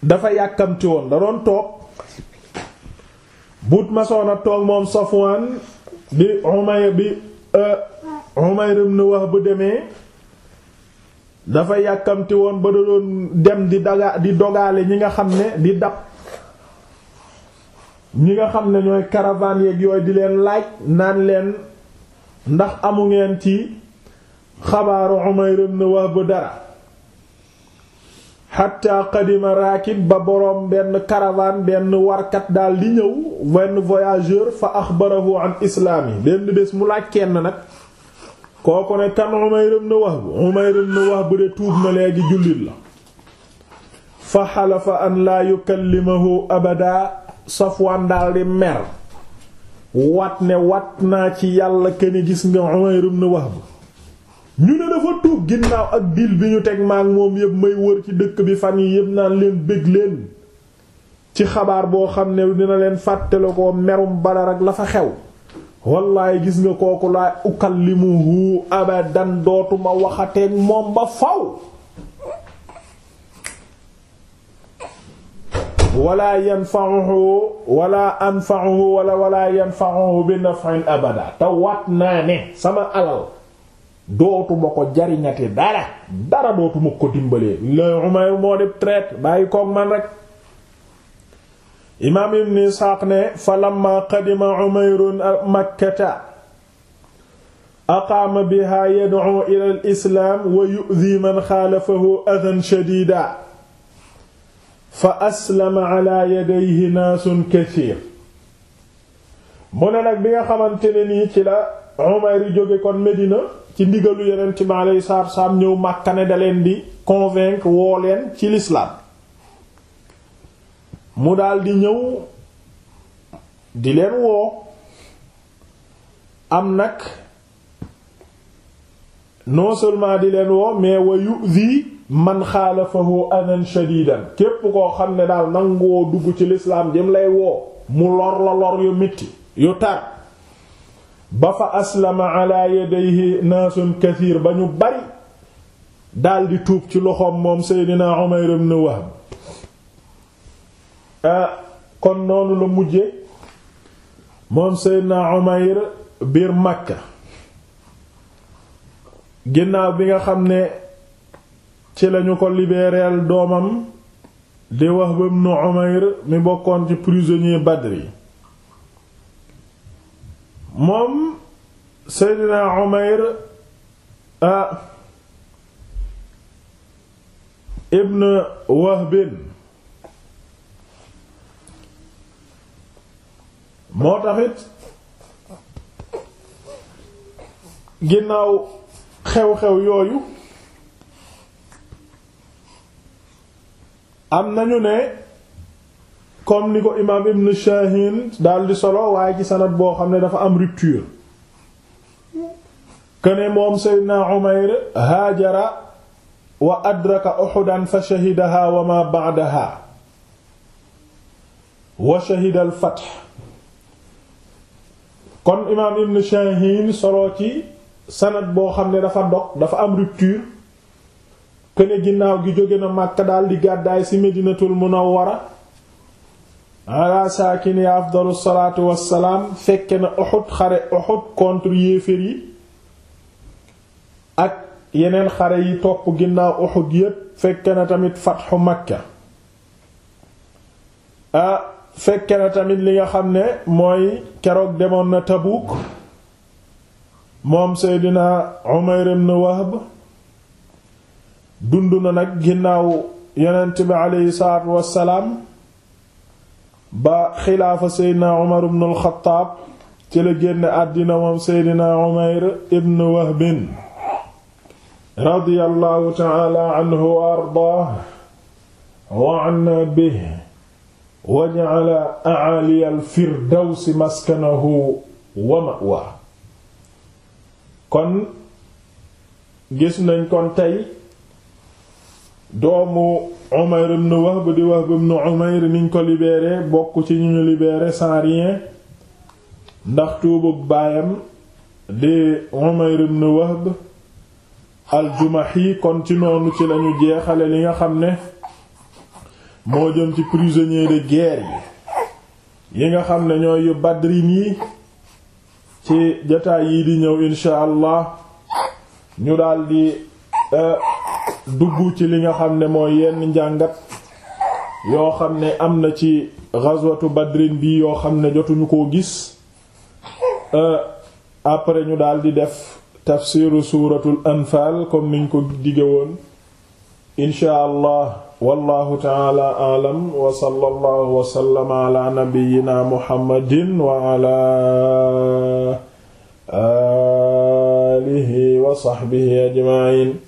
dafa yàkkamti woon da doon toog buut masoon a toog moom Safwaan bi Umayr bi euh, Umayr ibn Wahb bu demee dafa yàkkamti woon ba da doon dem di daga di dogaale ñi nga xam ne di dab ñi nga xam ne ñooy caravane yeeg yooyu di leen laaj naan leen ndax amu ngeen ci xabaaru Umayr ibn Wahb dara xatta qadima raakib ba boroom benn caravane benn warkat daal di ñëw benn voyageur fa axbarahu an islaami benn bés mu laaj kenn nag kooku ne kan Umayr ibn Wahb Umayr ibn Wahb de tuub na léegi jullit la fa xalafa an laa yukallimahu abada Safwaan daal di mer wat ne wat naa ci yàlla kenn gis nga Umayr ibn Wahb ñu ne dafa tuub ginnaaw ak dil bi ñu teg maak moom yëpp may wër ci dëkk bi fan yi yëpp naan leen bëgg leen ci xabaar boo xam ne dina leen fàttale ko merum Badar ak la fa xew wallaay gis nga kooku laa ukallimuhu abadan dootuma waxateeg moom ba faw wala yanfa'uhu wala anfa'uhu wala wala yanfa'uhu bi naf'in abada te wat naa ne sama alal dootuma ko jariñati dara dara dootuma ko dimbalee la moo def traite bàyyi koog man rek imaam ibn Isxaaq ne fa lamma qadima Umayrun makkata aqaama biha yad'u ila islaam wa yu'dhi man xaalafahu adhan shadiidan fa aslama ala yadayhi naasun kasiir mu ne nag bi nga xamante ne nii ci la Umayr jóge kon Medina ci ndigalu yonent bi alayhi salaatu salaam ñëw Makka ne da leen di convaincre woo leen ci lislaam mu daldi ñëw di leen woo am nag non seulement di leen woo mais wa yu'zi man xaalafahu adan shadidan képp koo xam ne daal nangoo dugg ci lislaam jëm lay woo mu lor la lor yu mitti yu tar ba fa aslama ala yadayhi naasun kathir ba ñu bari daldi tuub ci loxoom moom seydina umayr ibn wahb ah, kon noonu la mujje moom seydina umayr biir makka ginnaaw bi nga xam ne ci lañu ko libéréel doomam di Wahb Umayr mi bokkoon ci prisonnier Badri moom Seydina Umayr a ibn Wahbin moo taxit ginnaaw xew-xew yooyu am nañu ne kon ni ko imaam ibn Shahin daal di solo waaye ci sanad boo xam ne dafa am rupture kene moom Seydina Umayr haajara wa adraka Uhudan fa shahidaha wa ma ba'daha wa shahida al kon imaam ibn Shahin solo ci sanad boo xam ne dafa dog dafa am rupture këne ginnaaw gi jóge na Makka di gàddaay si Medinatul Munawwara ala saakini afdalu salaatu wassalaam fekke na Uhud xare Uhud contre yéeféer yi ak yeneen xare yi topp ginnaaw Uhud yépp fekke na tamit fatxu Makka fekke na tamit li nga xam ne mooy keroog demoon na Tabuuk moom Seydina Umayr ibn Wahb dund na nag ginnaaw yonent bi aleyhi salaatu wassalaam ba xilaafa seydina umar ibn al ci la génn àddina moom umayr ibn wahbin radiyallahu ta'ala anhu wa ardaah wa anna bihi wa ja'ala a'aaliya al-firdawsi maskanahu wa ma'waahu kon gis nañ kon tey doomu Umayr ibn di Wahb ibn Umayr niñ ko libeere bokk ci ñu ñu libéré ndax tuubug baayam di Umayr ibn Wahb kon ci noonu ci lañu jeexale li nga xam ne moo jëm ci prisonnier de yi yi nga xam ne ñooy yu Badrin yi ci jataay yi di ñëw incha allah ñu daldi euh, dugg ci li nga xam ne mooy yenn njàngat yoo xam ne am na ci ghazwatu badrin bi yoo xam ne jotuñu koo gis euh, après ñu di def tafsiru suuratul anfaal comme niñ ko dige woon inshaa allah wallahu taala aalam wa sallallahu wa